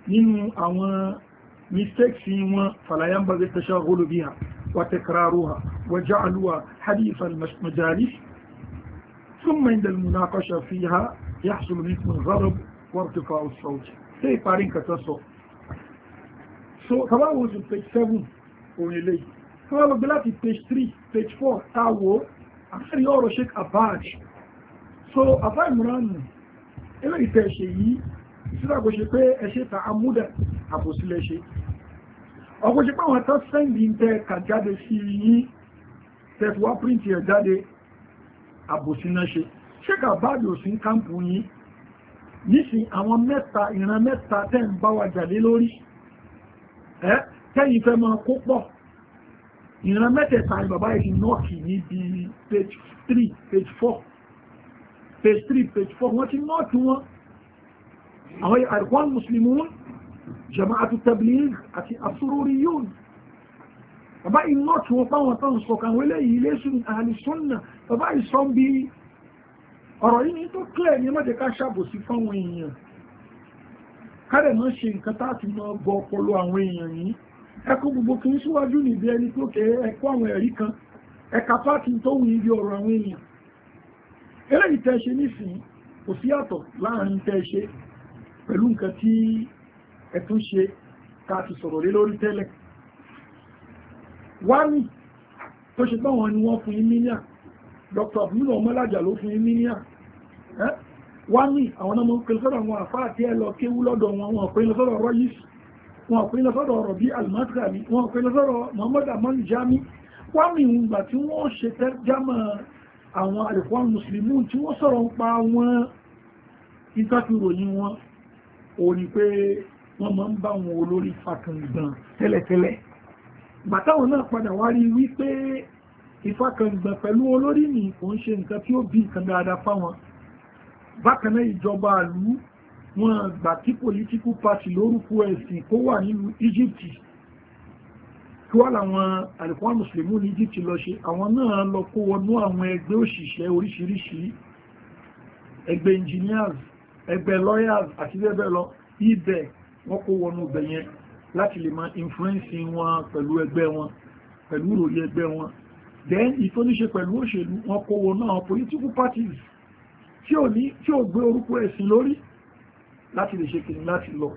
من أو مستكس فلا ينبغي التشغل بها وتكرارها وجعلها حديث المجالس ثم عند المناقشة فيها يحصل مثل الغضب وارتفاع الصوت سي بارين كتصو so taba wo ju page seven òun ilé taba lọ gbé láti page three page four tá a wo àfẹ́rí ọ̀rọ̀ sheik abaj so abaj muranu eléyìí tẹ̀ ṣe yìí síra kò ṣe pé ẹ ṣe ta amúdà àbòsílẹ̀ ṣe ọkọ̀ ṣe pé àwọn tó sẹ́ndì ń tẹ kà jáde sí yín tẹ̀ tí wá píríǹtì ẹ̀ jáde àbòsíná ṣe ṣéka báàdì ò sí ń kámpù yìí nísìn àwọn mẹ́ta ìran mẹ́ta tẹ́ ń bá wa jàlé lórí ẹ́ tẹ́yìn fẹ́ máa kó pọ̀ ìran mẹ́tẹ̀ẹ̀ta ni bàbá yìí nọ́ọ̀kì níbi page three page four page three page four wọ́n ti nọ́ọ̀kì wọn àwọn àríkwán muslimun jama'atu tabligh àti asururiyun bàbá yìí nọ́ọ̀kì wọn fáwọn tó ń sọ̀kan wọlé yìí lẹ́sùn ahli sunnah bàbá ìsọ́n bí ọ̀rọ̀ yìí tó clear ní mọ́jẹ̀ ká ṣàbòsí fáwọn èèyàn kárẹ̀ náà ṣe nǹkan táàtì náà gbọ ọpọlọ àwọn èèyàn yìí ẹkọ gbogbo kì í síwájú níbi ẹni tó kẹ ẹkọ àwọn ẹ̀rí kan ẹka pàtì tó wù níbi ọ̀rọ̀ àwọn èèyàn eléyìí tẹ́ ṣe nísìnyí kò sí àtọ̀ láàrin tẹ́ ṣe pẹ̀lú nǹkan tí ẹ tún ṣe ká ti sọ̀rọ̀ lé lórí tẹ́lẹ̀ wá ní tó ṣe pé ni wọ́n fún yín mílíọ̀nù dr abdul ọmọlájà ló fún míníà wá ní àwọn ọmọ pẹ̀lú sọ́dọ̀ àwọn àfáà tí ẹ lọ kéwú lọ́dọ̀ wọn wọn pẹ̀lú sọ́dọ̀ rọ́yìs wọn pẹ̀lú sọ́dọ̀ ọ̀rọ̀ bíi almadrami wọn pẹ̀lú sọ́dọ̀ muhammad amman jami wá ní ìgbà tí wọ́n ṣe tẹ́jámà àwọn àlèkọ́ mùsùlùmí tí wọ́n sọ̀rọ̀ ń pa wọn ìtàkùrò ní wọn ò ní pé wọ́n máa ń bá wọn olórí fàkàngàn tẹ́lẹ̀tẹ́lẹ̀ ìfakàngbà pẹ̀lú olórí ní kò ń ṣe nǹkan tí ó bí nǹkan dáadáa fáwọn bákan náà ìjọba àlú wọn gbà tí political party lórúkọ ẹ̀sìn kó wà nínú Egypt kí wọ́n làwọn àlùkò mùsùlùmí ní Egypt lọ ṣe àwọn náà lọ kó wọnú àwọn ẹgbẹ́ òṣìṣẹ́ oríṣiríṣi ẹgbẹ́ engineers ẹgbẹ́ lawyers àti bẹ́ẹ̀ bẹ́ẹ̀ lọ ibẹ̀ wọ́n kó wọnú ibẹ̀ yẹn láti lè máa influence wọn pẹ̀lú ẹgbẹ́ wọn pẹ̀lú ìròyìn ẹgbẹ́ wọn then ìtò ní ṣe pẹ̀lú òṣèlú wọn kò wọ náà political parties tí ò gbé orúkọ ẹ̀sìn lórí láti lè ṣe kìnnì láti lọ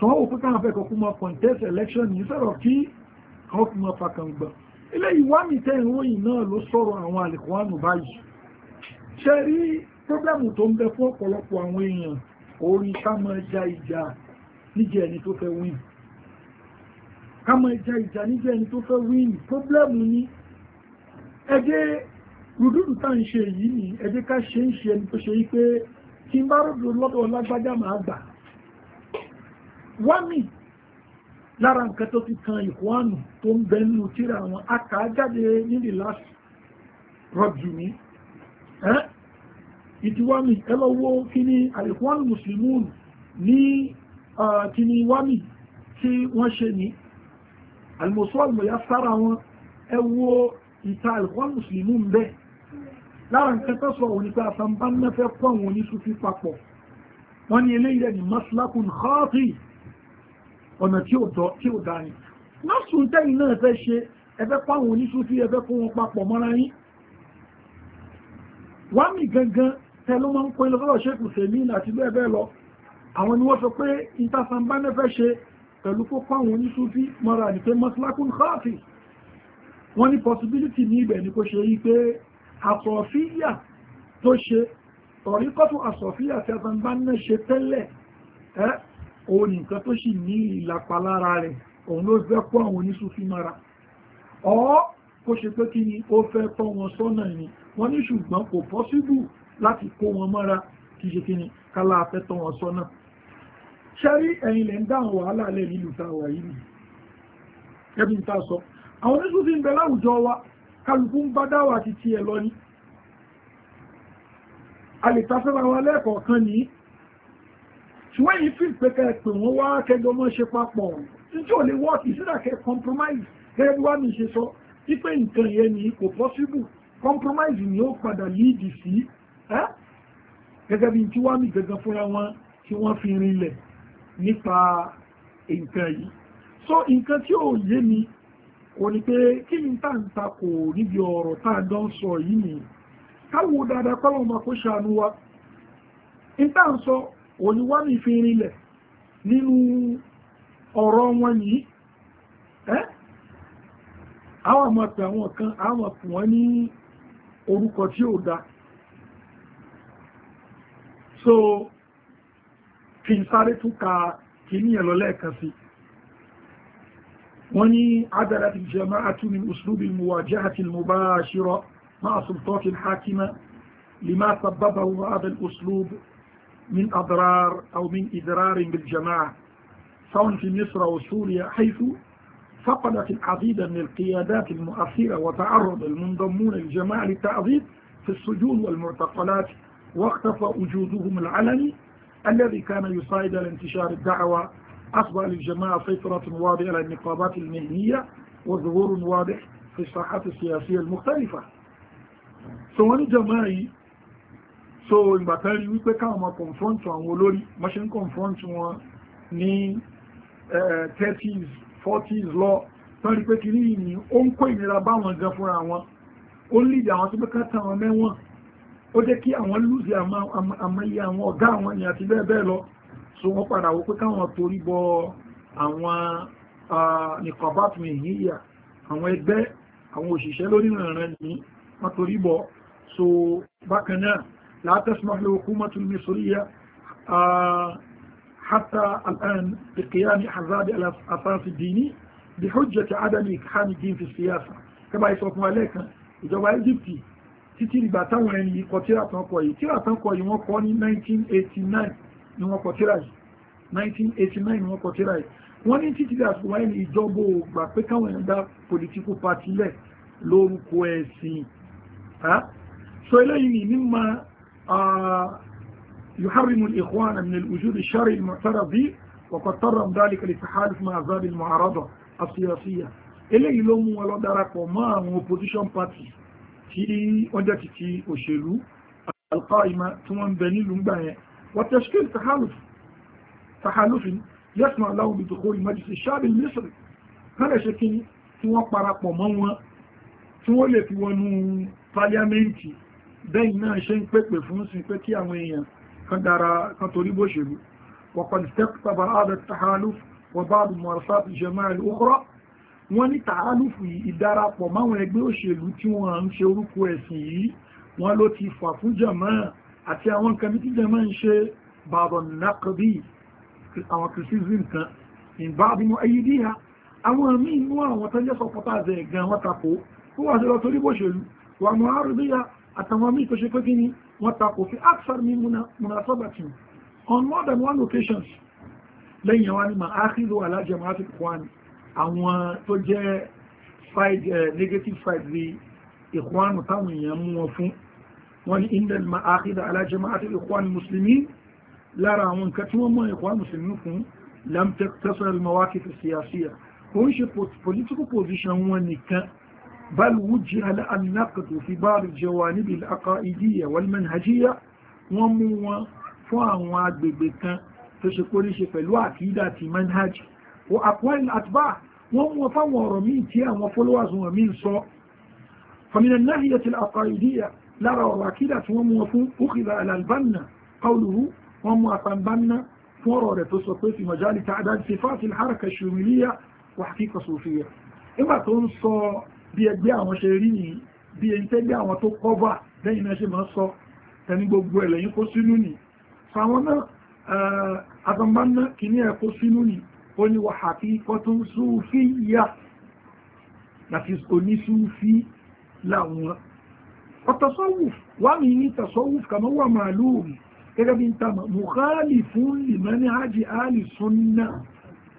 sọ wọ́n òpin káwọn fẹ́kọ̀ọ́ kó máa contest election yìí sọ̀rọ̀ kí wọ́n fi máa fakàn gbà ilé ìwámi tẹ́ ìròyìn náà ló sọ̀rọ̀ àwọn àlèkùnwánù báyìí ṣe rí pọ́blẹ́mù tó ń bẹ fún ọ̀pọ̀lọpọ̀ àwọn èèyàn orí ká máa ìjà níjẹ́ ẹni tó fẹ́ win ká máa ja ìjà níjẹ́ ẹni tó fẹ́ win pọ́blẹ́mù ni ẹjẹ́ rúdúrú tá ń ṣe yìí ni ẹjẹ́ ká ṣe ń ṣe ẹni tó ṣe yí pé kí n bá rúdúrú lọ́dọ̀ lágbájá máa gbà wá mi lára nǹkan tó ti kan ìkúánù tó ń bẹ nínú tíra àwọn akà jáde nílì láti rọ̀jù ní ìtiwámi ẹlọ́wọ́ kí ni àìkúánù mùsùlùmí ní kí ni wámi tí wọ́n ṣe ní àlùmọ̀sọ́ àlùmọ̀yá sára wọn ẹ wo ìta àlùkọ́ mùsùlùmí ń bẹ lára nǹkan tó sọ òní pé àfàǹbá ń fẹ́ kọ́ àwọn oníṣúfí papọ̀ wọ́n ní eléyìí rẹ̀ ní maslakun khati ọ̀nà tí ó dá ní lọ́sùn tẹ́yìn náà fẹ́ ṣe ẹfẹ́ kọ́ àwọn oníṣúfí ẹfẹ́ kó wọn papọ̀ mọ́ra yín wá mì gangan tẹ ló máa ń pín lọ́wọ́ ṣékù sèmí àti bẹ́ẹ̀ bẹ́ẹ̀ lọ àwọn ni wọ́n sọ pé ìtafàǹbá ń fẹ́ ṣe pẹ̀lú kó kọ́ àwọn oníṣúfí mọ́ra ní maslakun khati wọ́n ní possibility ní ibẹ̀ ni kó ṣe yí pé àsọ̀fíyà tó ṣe tọ̀ríkọ́tù àsọ̀fíyà tí a bá ń bá náà ṣe tẹ́lẹ̀ ẹ́ òun nìkan tó sì ní ìlàpá lára rẹ̀ òun ló fẹ́ kó àwọn oníṣùfí mara ọ́ kó ṣe pé kí ni ó fẹ́ tọ́ wọn sọ́nà ni wọ́n ní ṣùgbọ́n kò possible láti kó wọn mọ́ra kì ṣe kí ni kálá afẹ́ tọ́ wọn sọ́nà ṣẹ́rí ẹ̀yin lẹ́ ń dáhùn wàhálà lẹ́ nílùú táwa yìí ni ń ta sọ àwọn oníṣù fi ń bẹ láwùjọ wa kálukú ń bá dáwà ti ti ẹ̀ lọ ní a lè tafẹ́ra wọn lẹ́ẹ̀kọ̀ọ̀kan ní ṣùgbọ́n yìí fi pé kẹ́ pè wọ́n wá kẹjọ mọ́ ṣe papọ̀ níjọ́ lè wọ́ọ̀kì sídà kẹ́ compromise gẹ́gẹ́ bí wàá mi ṣe sọ wípé nǹkan yẹn ni kò possible compromise ni ó padà yíìdì sí gẹ́gẹ́ bí tí wàá mi gẹ́gẹ́ fúnra wọn tí wọ́n fi rinlẹ̀ nípa nǹkan yìí so nǹkan tí ò yé mi kò ní pé kí ni tá ń ta kò níbi ọ̀rọ̀ tá a jọ ń sọ yìí ni káwo dáadáa kọ́ lọ́mọ kó ṣàánú wa ní tá ń sọ òní wá ní fi rinlẹ̀ nínú ọ̀rọ̀ wọn yìí àwọn àmọ́ pẹ̀ àwọn kan àwọn pẹ̀ ní orúkọ tí ó dá so kí n sáré tún ka kì ní ẹ̀lọ́lẹ́ẹ̀kan sí i وني عدلت الجماعة من أسلوب المواجهة المباشرة مع سلطات الحاكمة لما سببه هذا الأسلوب من أضرار أو من إضرار بالجماعة سواء في مصر وسوريا حيث فقدت العديد من القيادات المؤثرة وتعرض المنضمون للجماعة للتعذيب في السجون والمعتقلات واختفى وجودهم العلني الذي كان يساعد على انتشار الدعوة أصبح للجماعة سيطرة واضحة على النقابات المهنية وظهور واضح في الساحات السياسية المختلفة سواء جماعي. so ìgbà kan rí wípé káwọn máa confront àwọn olórí ma ṣe ń confront wọn ní thirties forties lọ tán rí pé kí ní ìní ó ń kó ìnira báwọn gan fúnra wọn ó ń lìdí àwọn tó pé ká tán àwọn mẹ́wọ̀n ó jẹ́ kí àwọn lùzì àmọ́ iye àwọn ọ̀gá àwọn èèyàn àti bẹ́ẹ̀ bẹ́ẹ̀ lọ so wọ́n padà wó pé káwọn torí bọ àwọn nìkọ̀bátùmí yíyà àwọn ẹgbẹ́ àwọn òṣìṣẹ́ lórí ìrìnrìn ní wọ́n torí bọ so bákan náà látẹ́sùmọ́ hukumatul misriya حتى الآن بقيام حزاب الأساس الديني بحجة عدم إكحام الدين في السياسة كما يسوف مالك ìjọba Egypt títí ìgbà táwọn ẹni ikọ̀ tíra tán kọ yìí tíra tán ní 1989 ni wọ́n kọ tírà yìí 1989 ni wọ́n kọ tírà yìí wọ́n ní títí dà sí wáyé ní ìjọba ògbà pé káwọn èèyàn dá political party lẹ̀ lórúkọ ẹ̀sìn so eléyìí ní ma يحرم الإخوان من الوجود الشرعي المعترف به وقد ترم ذلك للتحالف مع أحزاب المعارضة السياسية eléyìí ló mú wọn lọ darapọ̀ mọ́ àwọn opposition party tí wọ́n jẹ́ ti ti òṣèlú alqaima tí wọ́n ń bẹ nílùú gbà yẹn والتشكيل تحالف تحالف يسمع له بدخول مجلس الشعب المصري هذا شكل tí wọ́n parapọ̀ mọ́ wọn tí wọ́n lè fi wọnú pàlíámẹ́ǹtì bẹ́yìn náà ṣe ń pèpè fún sí pé kí àwọn èèyàn kan dára kan torí bó ṣèlú وقد استقطب هذا التحالف وبعض ممارسات الجماعة الأخرى wọ́n ní tààlùfù ìdarapọ̀ máwọn ẹgbẹ́ òṣèlú tí wọ́n ń ṣe orúkọ ẹ̀sìn yìí wọ́n ló ti fà fún jàmáà àti àwọn kàmítí jẹ máa ń ṣe bàbọ̀ nàkọ̀bí àwọn kìrìsìsì nǹkan ìbáàbìmọ̀ ayídíyà àwọn àmì inú àwọn tó jẹ́ sọpọ̀tà àzẹ̀ gan wọ́n tako tó wà sí lọ torí bóṣèlú wà mọ̀ àrùdíyà àtàwọn àmì tó ṣe pé kíni wọ́n tako fi aksar ní munasabatin on more than one occasions lẹ́yìn àwọn ni ma'áhìlò alájẹmọ́ ti kwan àwọn tó jẹ́ eh, negative side the ìkwánu táwọn èèyàn mú wọn fún وإن المآخذ على جماعة الإخوان المسلمين لا رأى منكتوا من الإخوان المسلمين لم تقتصر المواقف السياسية كونش political position ونكا بل وجه النقد في بعض الجوانب العقائدية والمنهجية ومو فوان واد ببكا تشكوليش فلو عقيدة منهج وأقوال الأتباع ومو فوان ورمين تيان وفلواز ومين صو فمن الناحية العقائدية lára ọ̀rọ̀ àkídà tí wọ́n mú wọn fún òkìlà alàlbánà kọlùrú wọ́n mú àpàmbánà fún ọ̀rọ̀ rẹ̀ tó sọ pé fi mọ̀jálì tààdá ti fásil harka ṣòmìlíyà wà kíkọ sòfíyà nígbà tó ń sọ bí ẹgbẹ́ àwọn ṣe rí ní bí ẹni tẹ́gbẹ́ àwọn tó kọ́bà lẹ́yìn náà ṣe máa sọ ẹni gbogbo ẹ̀ lẹ́yìn kó sínú ni fáwọn náà àpàmbánà eh, kìíní ẹ̀ kó sínú ni ó ní wà kíkọ tó sòfíyà láti onísúfí láwọn التصوف ومن تصوف كما هو معلوم gẹ́gẹ́ bí n ta mukhalifun li manhaji ahli sunna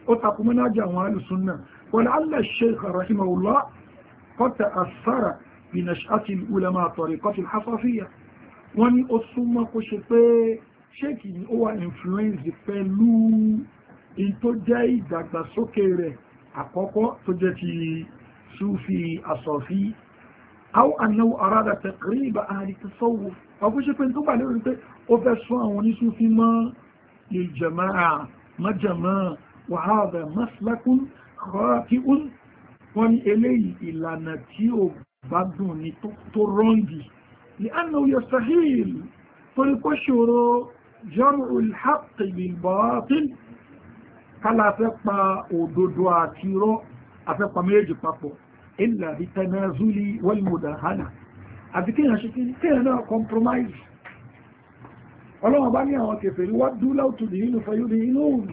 ó takò manhaji àwọn ahli sunna ولعل الشيخ رحمه الله قد تأثر بنشأة العلماء طريقة الحصافية wọ́n ní ó súnmọ́ kó ṣe pé ṣéèkì ni ó wà influence pẹ̀lú in tó jẹ́ ìdàgbàsókè rẹ̀ àkọ́kọ́ tó jẹ́ ti súfì àsọ̀fí àwọn ànáwó àrádà tẹ̀kìrí ìbá àrí ti sọ́wọ́ ọkùnṣe pé tó bà lórí pé ó fẹ́ sún àwọn oníṣúfí mọ́ ìjẹ̀máà mọ́jẹ̀máà wàhálà mọ́sílákún kọ́ọ̀kíún wọ́n ní eléyìí ìlànà tí ó bá dùn ní tó rọ́ǹgì ní ànáwó yẹ ìlà ìtẹnazúlì wọlmùdàhánà àti kíyàn ṣe kíyàn náà compromise ọlọ́wọ́n bá ní àwọn kèfèrí wádú láwù tùdí inú fayúdí inú òun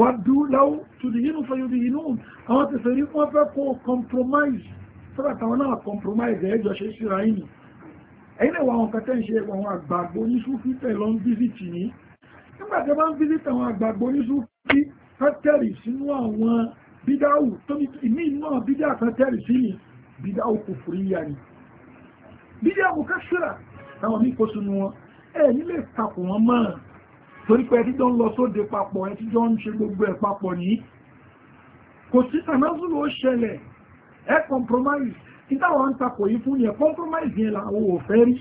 wádú láwù tùdí inú fayúdí inú òun àwọn kèfèrí wọ́n fẹ́ kó compromise sọ́dọ̀tà wọn náà compromise ẹjọ́ ṣe síra yìí ẹ̀yìn náà wọn kẹtẹ́ ń ṣe àwọn àgbàgbọ́ oníṣúfí tẹ̀ lọ ń fíìsìtì yìí nígbà bá ń fíìsìtì àwọn àgbàgbọ́ oníṣúfí tẹ́tẹ̀rì sínú àwọn bídáwù tó ní ìmí náà bídá kan tẹ́rì sí ni bídáwù kò fúrí yà ni bídáwù ká ṣíra táwọn mí kó sunu wọn ẹ nílé takò wọn mọ́ torí pé ẹtí jọ ń lọ sóde papọ̀ ẹtí jọ ń ṣe gbogbo ẹ̀ papọ̀ ní kò sí tanazulu ó ṣẹlẹ̀ ẹ compromise títàwọn ń takò yìí fún yẹn compromise yẹn làwọn ò fẹ́ rí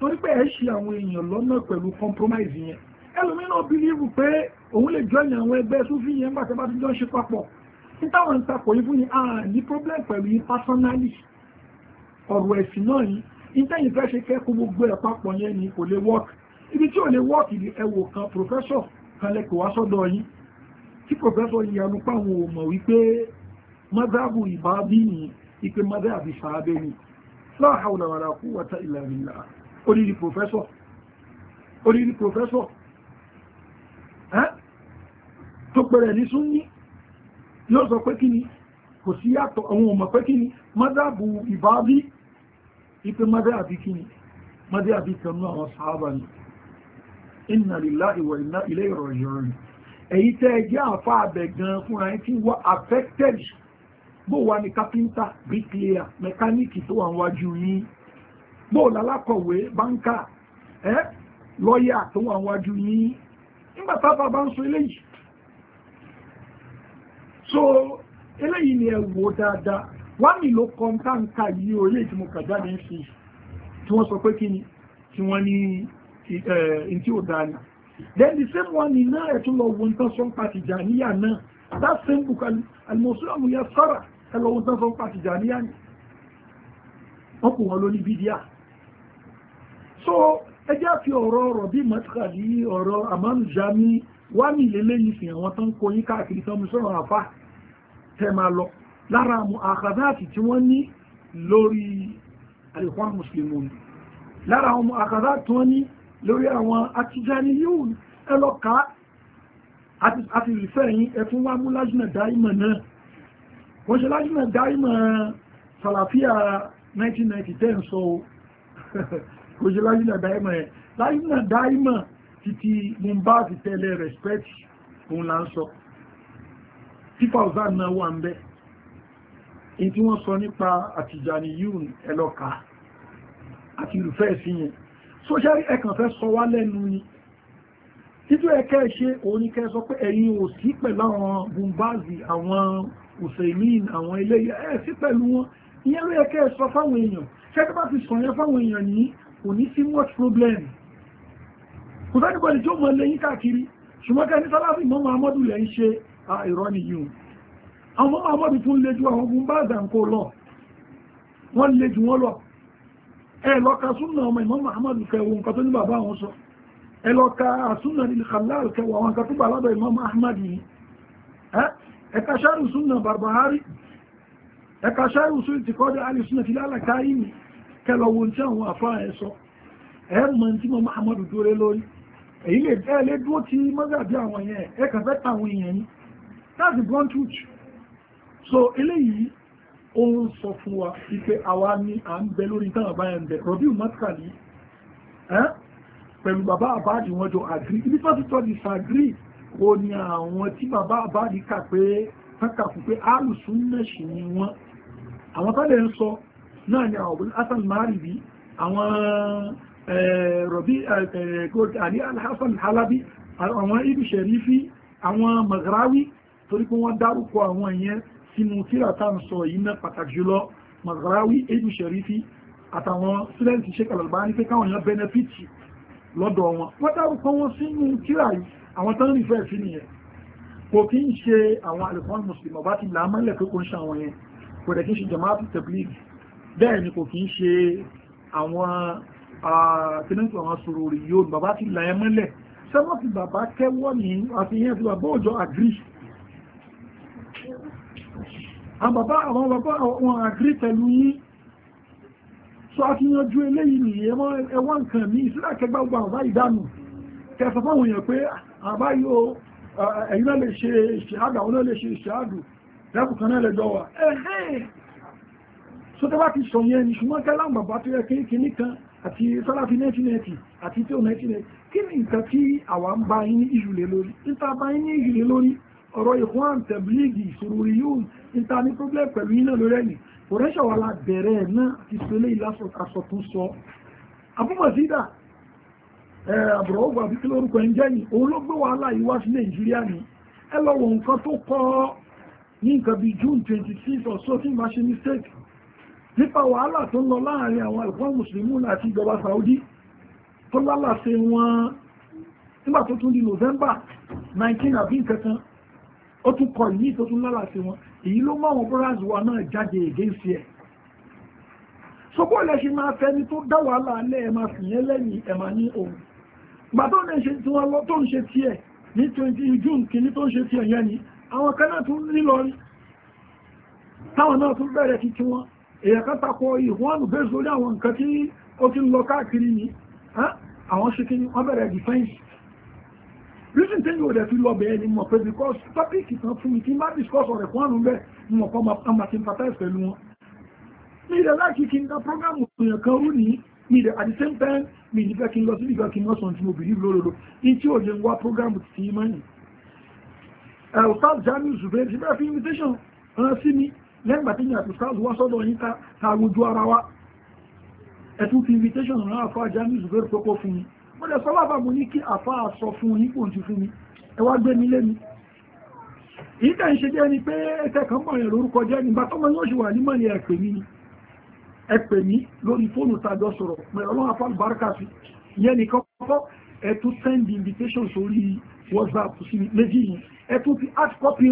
torí pé ẹ ṣe àwọn èèyàn lọ́nà pẹ̀lú compromise yẹn ẹlòmíràn bílíìfù pé òun lè jọ ìyàwó ẹgbẹ́ sófin yẹn bàtẹ́ jọ ń ṣe papọ̀ títàwọn ń takò yí fún yín a ah, ní problem pẹ̀lú yín personally ọ̀rọ̀ ẹ̀sìn náà yín ìtẹ́yìn fẹ́ ṣe kẹ́kọ̀ọ́ gbogbo ẹ̀ papọ̀ yẹn ni kò lè work ibi tí ò lè work ni ẹwò kan professor kan lẹ́kọ̀ọ́ wá sọ́dọ̀ yín tí professor yìí yanu páwọn ò mọ̀ wípé madhabu ìbábí ni ipe madhabu sàábẹ́ ni la hawla wala quwwata illa billah oríri professor oríri professor tó pẹ̀rẹ̀ ní súnni yóò sọ pé kí ni kò sí yàtọ̀ àwọn ọmọ pé kí ni ìbábí ipe mọ́dàbí kí ni mọ́dàbí kanú àwọn sàábà ni inna lillahi wa inna ilayhi raji'un èyí tẹ́ ẹ jẹ́ àfa gan fúnra yín tí wọ́n affected bó wà ní kápẹ́ńtà bricklayer mẹkáníìkì tó wà wájú yín bó lálákọ̀wé báńkà ẹ́ lọ́ọ̀yà tó wà wájú yín nígbà so eléyìí ni ẹ wò dáadáa wá mi ló kọ́ táǹkà yìí o ilé ìtìmọ̀ kàjáde ń tí wọ́n sọ pé kí ni tí wọ́n ní ìtí ò dáa then the same one ni náà ẹ̀tún lọ wo nǹkan sọ ń pa Tìjàníyà náà that same book al-Mawsu'a Muyassara ẹ lọ wo nǹkan sọ ń pa Tìjàníyà ni wọ́n kò wọ́n ló bídíà so ẹ jẹ́ àfi ọ̀rọ̀ ọ̀rọ̀ bíi mọ́tíkàlì ọ̀rọ̀ àmánù jami wá ní ilé lẹ́yìn fi àwọn tó ń kó yí káàkiri sọmú sọ̀rọ̀ àfá tẹ́ máa lọ lára àwọn àkàzáàtì tí wọ́n ní lórí àlèkún mùsùlùmí lára àwọn àkàzáàtì tí wọ́n ní lórí àwọn atijani yóò ẹlọ́ka àti ìfẹ́ yín ẹfún wá mú lájúmọ̀ dáìmọ̀ náà wọ́n ṣe lájúmọ̀ dáìmọ̀ sàlàfíà 1990 sọ kò ṣe lájúmọ̀ dáìmọ̀ dáìmọ̀ títí mú bá ti tẹ́lẹ̀ respect òun là ń sọ fífà ọ̀zá náà wà ń bẹ́ in tí wọ́n sọ nípa àtìjàní yún ẹlọ́ka àti ìrùfẹ́ sí yẹn social ẹ̀kàn fẹ́ sọ wá lẹ́nu ni títú ẹ̀kẹ́ ṣe oníkẹ́ sọ pé ẹ̀yin ò sí pẹ̀lú àwọn bumbazi àwọn Usaimin àwọn eléyìí ẹ̀ sí pẹ̀lú wọn ìyẹn ló yẹ kẹ́ sọ fáwọn èèyàn ṣẹ́kẹ́ bá ti sọ yẹn fáwọn èèyàn ní kò ní sí much problem kò sẹ́ni pẹ̀lú tí ó mọ̀ lẹ́yìn káàkiri ṣùgbọ́n kẹ́ ní sálàfí mọ́ mahamadu lẹ́ ń ṣe ìrọ́ ni yìí àwọn mahamadu tún lè ju àwọn ogun bá àzànkó lọ wọ́n lè jù wọ́n lọ ẹ lọ ka súnà ọmọ ìmọ̀ mahamadu kẹwọ nǹkan tó ní bàbá àwọn sọ ẹ lọ ka súnà ní khalal kẹwọ àwọn nǹkan tó bà lọ́dọ̀ ìmọ̀ mahamadu yìí èyí lè bẹ́ẹ̀ lé dúró tí mọ́gàbí àwọn yẹn ẹ kàn fẹ́ tàwọn èèyàn yìí that's the blunt truth so eléyìí ó ń sọ fún wa wípé àwa ni à ń bẹ lórí táwọn bá yẹn ń bẹ rọbíù mọ́tàlì pẹ̀lú bàbá àbáàdì wọn jọ agree ibi tó ti tọ́ disagree ó ní àwọn tí bàbá àbáàdì kà pé kákà fún pé alùsùn náà ni wọn àwọn tó lè ń sọ náà ni àwọn òbí bí àwọn rọ̀bí àní eh, eh, eh, alhassan halabi àwọn ibi sherifi àwọn maghrawi torí pé wọ́n dárúkọ àwọn ìyẹn sínú tíra tá ń sọ yìí náà pàtàkì jùlọ maghrawi ibi sherifi àtàwọn sílẹ̀ǹtì sheik al-albani pé káwọn èèyàn bẹnẹfìtì lọ́dọ̀ wọn wọ́n dárúkọ wọn sínú tíra yìí àwọn tó ń rí fẹ́ẹ̀ sí nìyẹn kò kí ń ṣe àwọn alifon muslim ọba ti là á mọ́lẹ̀ pé kò ń ṣe àwọn yẹn kò dẹ̀ kí ń ṣe jamaat tabligh bẹ́ẹ̀ ni àwọn kínísọ̀ wọn sọ̀rọ̀ rí yóò bàbá ti là ẹ mọ́lẹ̀ sẹ́wọ́n ti bàbá kẹ́wọ́ ní àfihàn ti bàbá òjò àgírí àwọn bàbá àwọn àgírí pẹ̀lú yín sọ àfihànjú eléyìí nìyí ẹwọ́n nǹkan mi ìsìlá kẹgbà gbà bàbá ìdánù kẹsàn fáwọn èèyàn pé àbá yóò ẹ̀yìn náà lè ṣe ìṣẹ́àdù àwọn náà lè ṣe ìṣẹ́àdù rẹ́pùkan náà lè dọ́wà ti sọ yẹn ní ṣùgbọ́n kẹ́lá bàbá tó yẹ kéèkéé nìkan àti sọ́láfi 1990 àti tí ó 1990 kí ni nǹkan tí àwa ń bá yín ní ìjùlé lórí níta bá yín ní ìjùlé lórí ọ̀rọ̀ ìkún tẹ̀blígì ìṣòro rí yóò níta ní problem pẹ̀lú yín náà lórí ẹ̀yìn kòrẹ́ṣọ̀ wa la bẹ̀rẹ̀ ẹ̀ náà àti ìṣẹ̀lẹ̀ ìlàsọ̀kasọ̀ tún sọ àbúmọ̀sídà àbúrò ni òun ló gbé wàhálà yìí wá sí ni ẹ lọ wo nǹkan or so tí màá nípa wàhálà tó lọ láàrin àwọn ẹ̀kọ́ mùsùlùmí àti ìjọba Saudi tó lálàṣe wọn nígbà tó tún di November 19 àbí ìkẹta ó tún kọ ìní tó tún lálàṣe wọn èyí ló mọ́ àwọn brothers wa náà jáde against ẹ̀ sọ́kọ́ ilẹ̀ ṣe máa fẹ́ni tó dá wàhálà alẹ́ ẹ̀ máa fìyẹn lẹ́yìn ẹ̀ máa ní òun gbàtọ́ ní ṣe tí wọ́n lọ tó ń ṣe tiẹ̀ ní 20 June kìíní tó ń ṣe tiẹ̀ yẹn ni àwọn kan náà tún nílọrin táwọn náà tún bẹ̀rẹ̀ ti èyàn kan takọ ìwọ́nù bẹ́ẹ̀ sórí àwọn nǹkan tí ó ti ń lọ káàkiri yìí àwọn ṣe kí wọ́n bẹ̀rẹ̀ defense reason tí yóò dẹ̀ fi lọ bẹ̀ẹ́ ni mọ̀ pé because topic kan fún mi kí n bá discuss ọ̀rẹ́ fún àrùn bẹ́ẹ̀ ni mọ̀ kọ́ máa sympathize pẹ̀lú wọn mi ìdẹ̀ láti kí n ka program èèyàn kan rú nìyí mi ìdẹ̀ at the same time mi ìdíkẹ́ kí n lọ sí ìgbà kí n lọ́sàn tí mo believe lódodo in tí ò jẹ́ ń wá program ti mọ́yìn ẹ̀ ọ̀tá Jamiu Zubairu ti bẹ́ẹ̀ fi invitation rán sí mi lẹ́gbà tí yàtù sáàlù wá sọ́dọ̀ yí tààrùjú ara wá ẹ̀tún fi invitation rán àfá jami zubair kókó fún mi mo lè sọ bàbá mo ní kí àfá sọ fún yí kò ti fún mi ẹ wá gbé mi lé mi èyí tẹ̀ ń ṣe jẹ́ ni pé ẹ̀tẹ̀ kan mọ̀ yẹn lórúkọ jẹ́ nígbà tọ́mọ yóò ṣe wà ní mọ̀ ní ẹ pè mí ẹ lórí fóònù tàjọ sọ̀rọ̀ pẹ̀lú ọlọ́run invitation sórí whatsapp sí méjì yẹn ẹ tún fi hard copy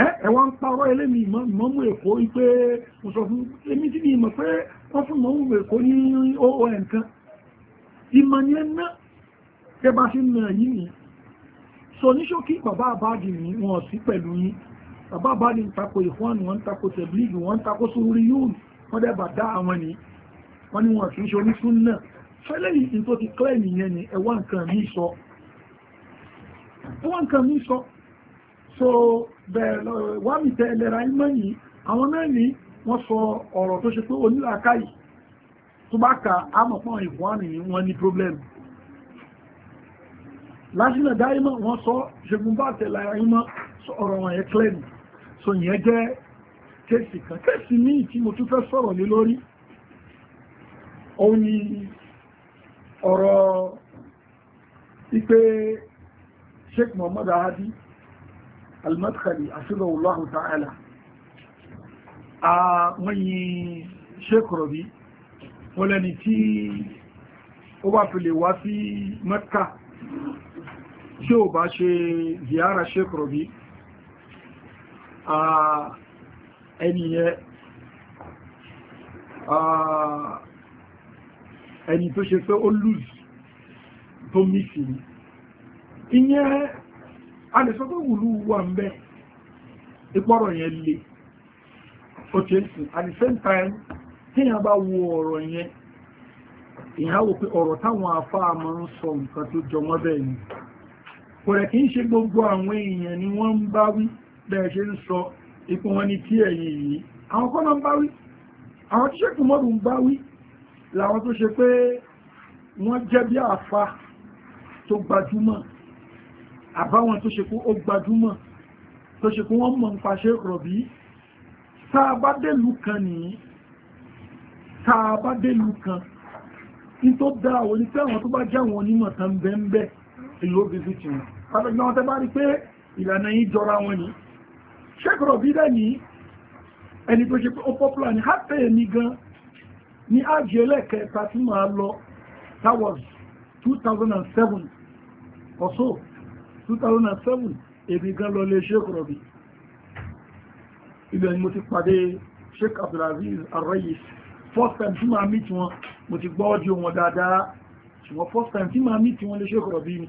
ẹ̀wọ́n ń parọ́ ẹlẹ́mi ìmọ̀mú èkó wípé mo sọ fún èmi tí ní ìmọ̀ pé wọ́n fún ìmọ̀mú èkó ní oó ẹ̀ǹkan ìmọ̀ ni ẹ̀ná tẹ́bá sí nà yí ni so ní ṣókí bàbá àbájì ní wọn sí pẹ̀lú yín bàbá àbájì ń tako ìfọ́nù wọn ń tako tẹ̀blígì wọn ń tako sórí yóò wọ́n dẹ́bà dá àwọn ni wọ́n ní wọn kì í ṣe onísún náà fẹ́lẹ́ yìí tó ti klẹ́ nìyẹn ni ẹ̀wọ́n nǹkan mi sọ so bẹ̀rẹ̀ wà mí tẹ ẹlẹ́ra imọ́ yìí àwọn náà ní wọ́n sọ ọ̀rọ̀ tó ṣe pé onílàákàyè tó bá ka àmọ̀ pọ̀ ìbọn àmì wọn ní problem lásìlẹ̀ dáímọ̀ wọ́n sọ ṣegun bá tẹ̀lá imọ́ ọ̀rọ̀ wọn yẹn clear ni so yẹn jẹ́ kéèsì kan kéèsì míì tí mo tún fẹ́ sọ̀rọ̀ lé lórí òun ni ọ̀rọ̀ ipe Sheikh Muhammad Hadi al-madkhali asibahu allahu ta'ala a wọ́n yí ṣekọ̀rọ̀ bí wọ́n lẹ́ni tí ó bá fi lè wá sí mẹ́ta tí ó bá ṣe ziyara ṣekọ̀rọ̀ bí a ẹniyẹ ẹni tó ṣe pé ó lùz tó mí sí a lè sọ pé wùlú wà ń bẹ́ ipọ́rọ̀ yẹn le ó ti ń sìn at the same time téèyàn bá wo ọ̀rọ̀ yẹn èèyàn wò pé ọ̀rọ̀ táwọn afáà máa ń sọ nǹkan tó jọ wọ́n bẹ́ẹ̀ ni kò rẹ̀ kì í ṣe gbogbo àwọn èèyàn ni wọ́n ń bá wí bẹ́ẹ̀ ṣe ń sọ ipò wọn ni tí ẹ̀yìn yìí àwọn kọ́ ń bá wí àwọn tí ṣẹ́kù mọ́rù ń bá wí làwọn tó ṣe pé wọ́n jẹ́ bí àfa tó gbajúmọ̀ àbáwọn tó ṣe kó ó gbajúmọ̀ tó ṣe kó wọ́n mọ̀ ń pàṣẹ rọ̀bí sáàbádẹ́lù kan nìyí sáàbádẹ́lù kan ní tó dá àwọn ní tẹ́wọ̀n tó bá jẹ́ àwọn onímọ̀ tán bẹ́ẹ̀ ìlú òbí ni ṣẹ́kọ̀rọ̀ bí dẹ́ ní ẹni tó ṣe tí máa lọ that 2007 or so 2007 èmi gan lọ lé Sheikh Rabi ibẹ̀ ni mo ti pàdé Sheikh Abdulaziz Arayis first time tí máa meet wọn mo ti gbọ́ ọdí wọn dáadáa ṣùgbọ́n first time tí máa meet wọn lé Sheikh Rabi ni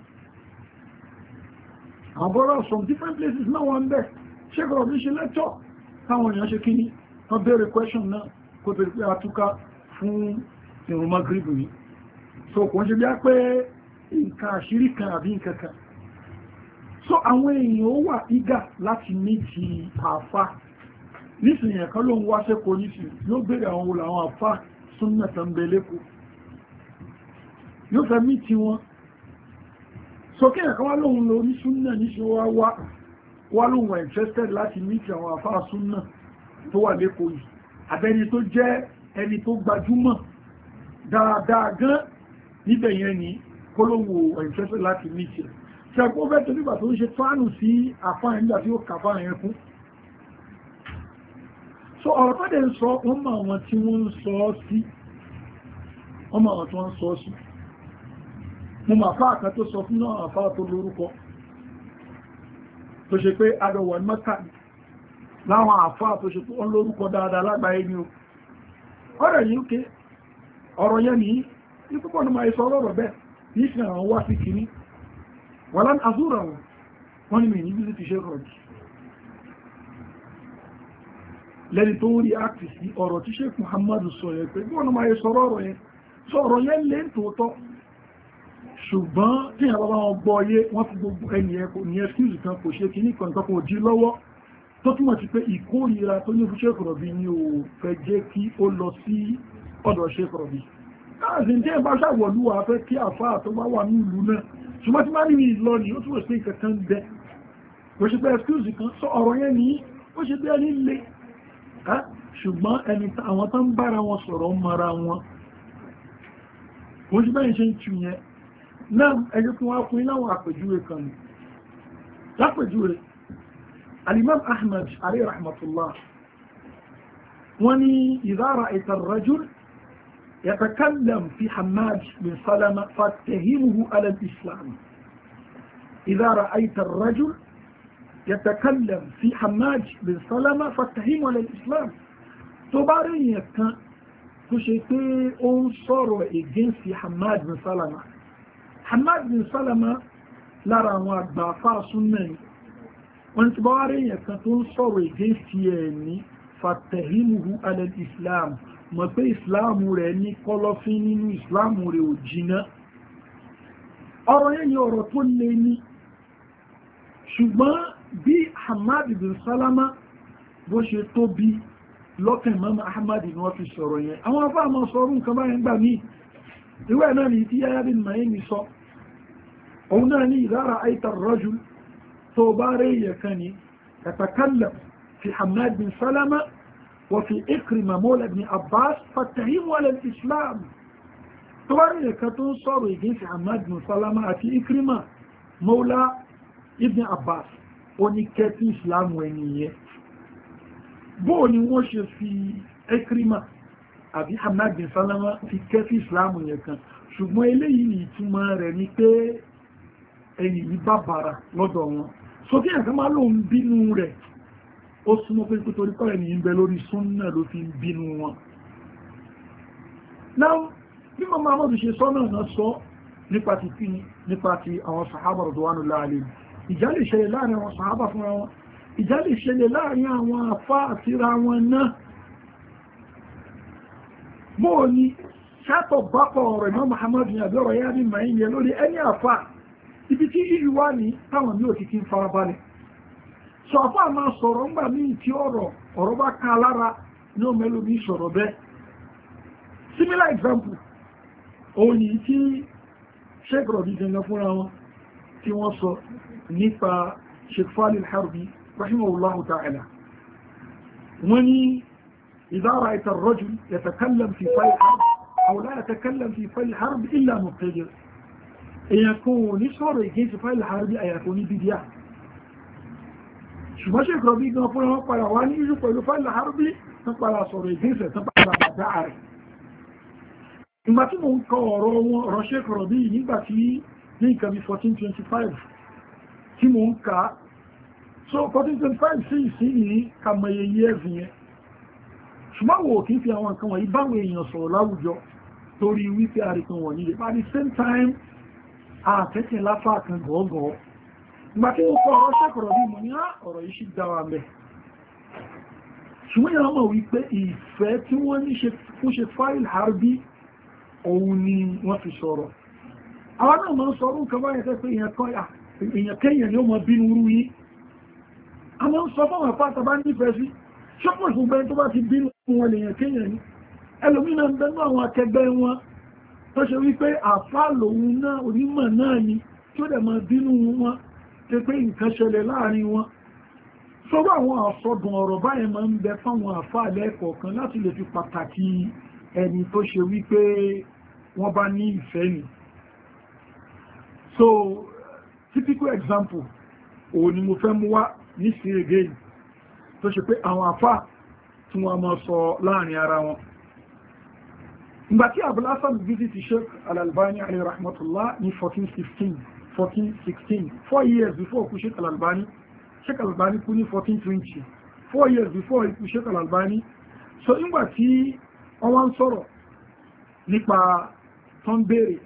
àwọn bọ́rọ̀ from different places náà wọ́n ń bẹ̀ Sheikh Rabi ṣe lẹ́tọ̀ táwọn èèyàn ṣe kíní wọ́n béèrè question náà kó tó pé atúká fún ìrùn Maghrib ni so kò ń ṣe bí á pé nǹkan àṣírí kan àbí nǹkan kan so àwọn èèyàn ó wà igà láti ní ti àfá nísìnyí ẹ̀kan ló ń wáṣẹ́ kò nísìn yóò béèrè àwọn wo làwọn àfá súnmọ̀ tẹ̀m̀bẹ̀lẹ́kù yóò fẹ́ mí ti wọn sókè ẹ̀kan wá lóhun lórí súnmọ̀ níṣẹ́ wá wá wá lóhun wà interested láti mí ti àwọn àfá súnmọ̀ tó wà lẹ́kọ̀ọ́ yìí àbẹ́ni tó jẹ́ ẹni tó gbajúmọ̀ dáadáa gan níbẹ̀ yẹn ni kólóhùn wà interested láti mí ti rẹ̀ ṣẹ̀kọ́ fẹ́ tó nígbà tó ń ṣe fánù sí àfáàrin nígbà tí ó kà fáàrin fún so ọ̀rọ̀ tó dẹ̀ ń sọ wọ́n mọ̀ àwọn tí wọ́n ń sọ ọ́ sí wọ́n mọ̀ àwọn tí wọ́n ń sọ ọ́ sí mo mà fáà kan tó sọ fún náà àfáà tó lórúkọ tó ṣe pé adọ̀wọ̀ ní mọ́ta láwọn àfáà tó ṣe pé wọ́n lórúkọ dáadáa lágbàáyé ni o ọ̀rọ̀ yìí ké ọ̀rọ̀ yẹn nìyí ní púpọ̀ ní máa sọ ọ̀rọ̀ bẹ́ẹ̀ ní ìfihàn wá sí kìíní wọ́n lán azúra wọn wọ́n ni mẹ́rin bí ti ṣe rọ̀jì lẹ́ni tó rí áàkì sí ọ̀rọ̀ tí Sheikh Muhammadu sọ yẹ pé bí wọ́n máa yẹ sọ̀rọ̀ ọ̀rọ̀ yẹn sọ ọ̀rọ̀ yẹn lé tòótọ́ ṣùgbọ́n tí àwọn bá wọn gbọ́ yé wọ́n fi gbogbo ẹni ẹ̀ kò ní ẹ́skúùsì kan kò ṣe kìíní kan kan kò lọ́wọ́ tó túmọ̀ sí pé ìkórìíra tó ní fún Sheikh ṣùgbọ́n tí máa rí lọ ní ó túnbọ̀ sí ìkẹta ń bẹ kò ṣe pé ẹ̀skúùsì kan sọ ọ̀rọ̀ yẹn ní ó ṣe bí ẹni lè ṣùgbọ́n ẹni àwọn tó ń bára wọn sọ̀rọ̀ mara wọn kò ṣe bẹ́yìn ṣe ń tu yẹn náà ẹjọ́ kí wọ́n fún iná wọn àpèjúwe kan ní lápèjúwe alimam ahmed alayhi rahmatullah wọ́n ní ìdára ìtàràjúrù يتكلم في حماد بن سلمة فاتهمه على الإسلام إذا رأيت الرجل يتكلم في حماد بن سلمة فاتهمه على الإسلام تبارين يكن تشيكي أنصر في حماد بن سلمة حماد بن سلمة لا àwọn àgbà سنين وانت wọ́n ti تون wá rí فاتهمه على الاسلام mọ̀ pé ìsìláàmù rẹ̀ ní kọ̀lọ̀fín nínú ìsìláàmù rẹ̀ ò jìnà ọ̀rọ̀ yẹn ni ọ̀rọ̀ tó lè ní ṣùgbọ́n bí Ahmad bin Salama bó ṣe tóbi lọ́kàn mọ́mọ́ Ahmad ni wọ́n fi sọ̀rọ̀ yẹn àwọn afá àmọ́ sọ̀rọ̀ nǹkan báyẹn gbà míì ìwé náà ni tí yáyá bí màá ní sọ òun náà ní ìdára àìtàr rajul tó bá rẹ̀ yẹ̀ kan ni kàtàkàlà fi Ahmad bin Salama وفي إكرمة مولى ابن عباس فاتهم على الإسلام طبعا كتون صاروا يجيس عماد بن سلمة في إكرمة مولى ابن عباس oníkẹ́tí ìsìláàmù ẹni yẹn bóò ni wọ́n ṣe fi Ikrima àbí Hamad bin Salama fi kẹ́tí ìsìláàmù yẹn kan ṣùgbọ́n eléyìí ìtumọ̀ rẹ̀ ni pé ẹni yìí bá bàrà lọ́dọ̀ wọn sókè ẹ̀kan máa lóun bínú rẹ̀ ó súnmọ́ pé torí pẹ́rẹ̀ ní ìbẹ̀ lórí súnnà ló fi ń bínú wọn náà bí mọ́ máa mọ́dù ṣe sọ́nà náà sọ nípa ti kí nípa ti àwọn sàhábà rọ̀dọ̀wánù láàrin ìjà lè ṣẹlẹ̀ láàrin àwọn sàhábà fúnra wọn ìjà lè ṣẹlẹ̀ láàrin àwọn afá àtira wọn náà bóò ni sọ àpá àmà sọ̀rọ̀ ńgbà míì tí ọ̀rọ̀ ọ̀rọ̀ bá ká lára ní ọmọ ẹlòmí sọ̀rọ̀ bẹ́ẹ̀ similar example òun yìí tí sheikh rọ̀bí gangan fúnra wọn tí wọ́n sọ nípa sheikh falil harbi rahimahullahu ta'ala wọ́n ní ìdára ìtàn rọ́jù yàtàkálàm fi fáìl harb àwọn yàtàkálàm fi fáìl harb illa mubtadi' èèyàn kan ò ní sọ̀rọ̀ ṣùgbọ́n ṣe kọ̀ọ̀bí gan fún wọn padà wá ní ìlú pẹ̀lú fàílà harbi tó padà sọ̀rọ̀ ìgbésẹ̀ tó padà bàbá rẹ̀ ìgbà tí mo ń kọ ọ̀rọ̀ wọn ọ̀rọ̀ ṣe kọ̀ọ̀bí nígbà tí ní nǹkan bí 1425 tí mo ń ka so 1425 sí ìsìn ní kàmọye yẹ́ẹ̀sì yẹn ṣùgbọ́n wo kì í fi àwọn nǹkan wọ̀nyí báwọn èèyàn sọ̀rọ̀ láwùjọ torí wípé àríkan wọ̀nyí by the same time àtẹ́kẹ̀ láfà kan gọ̀ọ́gọ̀ọ́ ìgbà tí ó kọ́ ṣẹ́kọ̀rọ̀ bí mo ní á ah, ọ̀rọ̀ yìí ṣì dáwà mẹ́ ṣùgbọ́n ìyàwó mọ̀ wípé ìfẹ́ tí wọ́n ní fún ṣe fáìl harbi òun ni wọ́n fi sọ̀rọ̀ àwọn náà mọ̀ sọ̀rọ̀ nǹkan bá yẹn pé èèyàn kẹ́yìn ni ó mọ bínú rú yìí a mọ̀ sọ fún àwọn pátá bá nífẹ̀ẹ́ sí ṣọ́pọ̀ tó bá ti bínú tí pé nǹkan ṣẹlẹ̀ láàrin wọn sọ́wọ́ àwọn àsọdùn ọ̀rọ̀ báyìí máa ń bẹ fáwọn àfáàlẹ́ kọ̀ọ̀kan láti lè fi pàtàkì ẹni tó ṣe wípé wọ́n bá ní ìfẹ́ ni so typical example òun ni mo fẹ́ mú wá ní sí again tó ṣe pé àwọn àfáà tí wọ́n máa sọ láàrin ara wọn ìgbà tí abúlásán visit sheikh al-albani rahmatullah ní 1416 1416 four years before kú Sheikh Al-Albani Sheikh Al-Albani kú ní 1420 four years before ikú Sheikh Al-Albani so nígbà tí ọwọ́ ń sọ̀rọ̀ nípa tó ń béèrè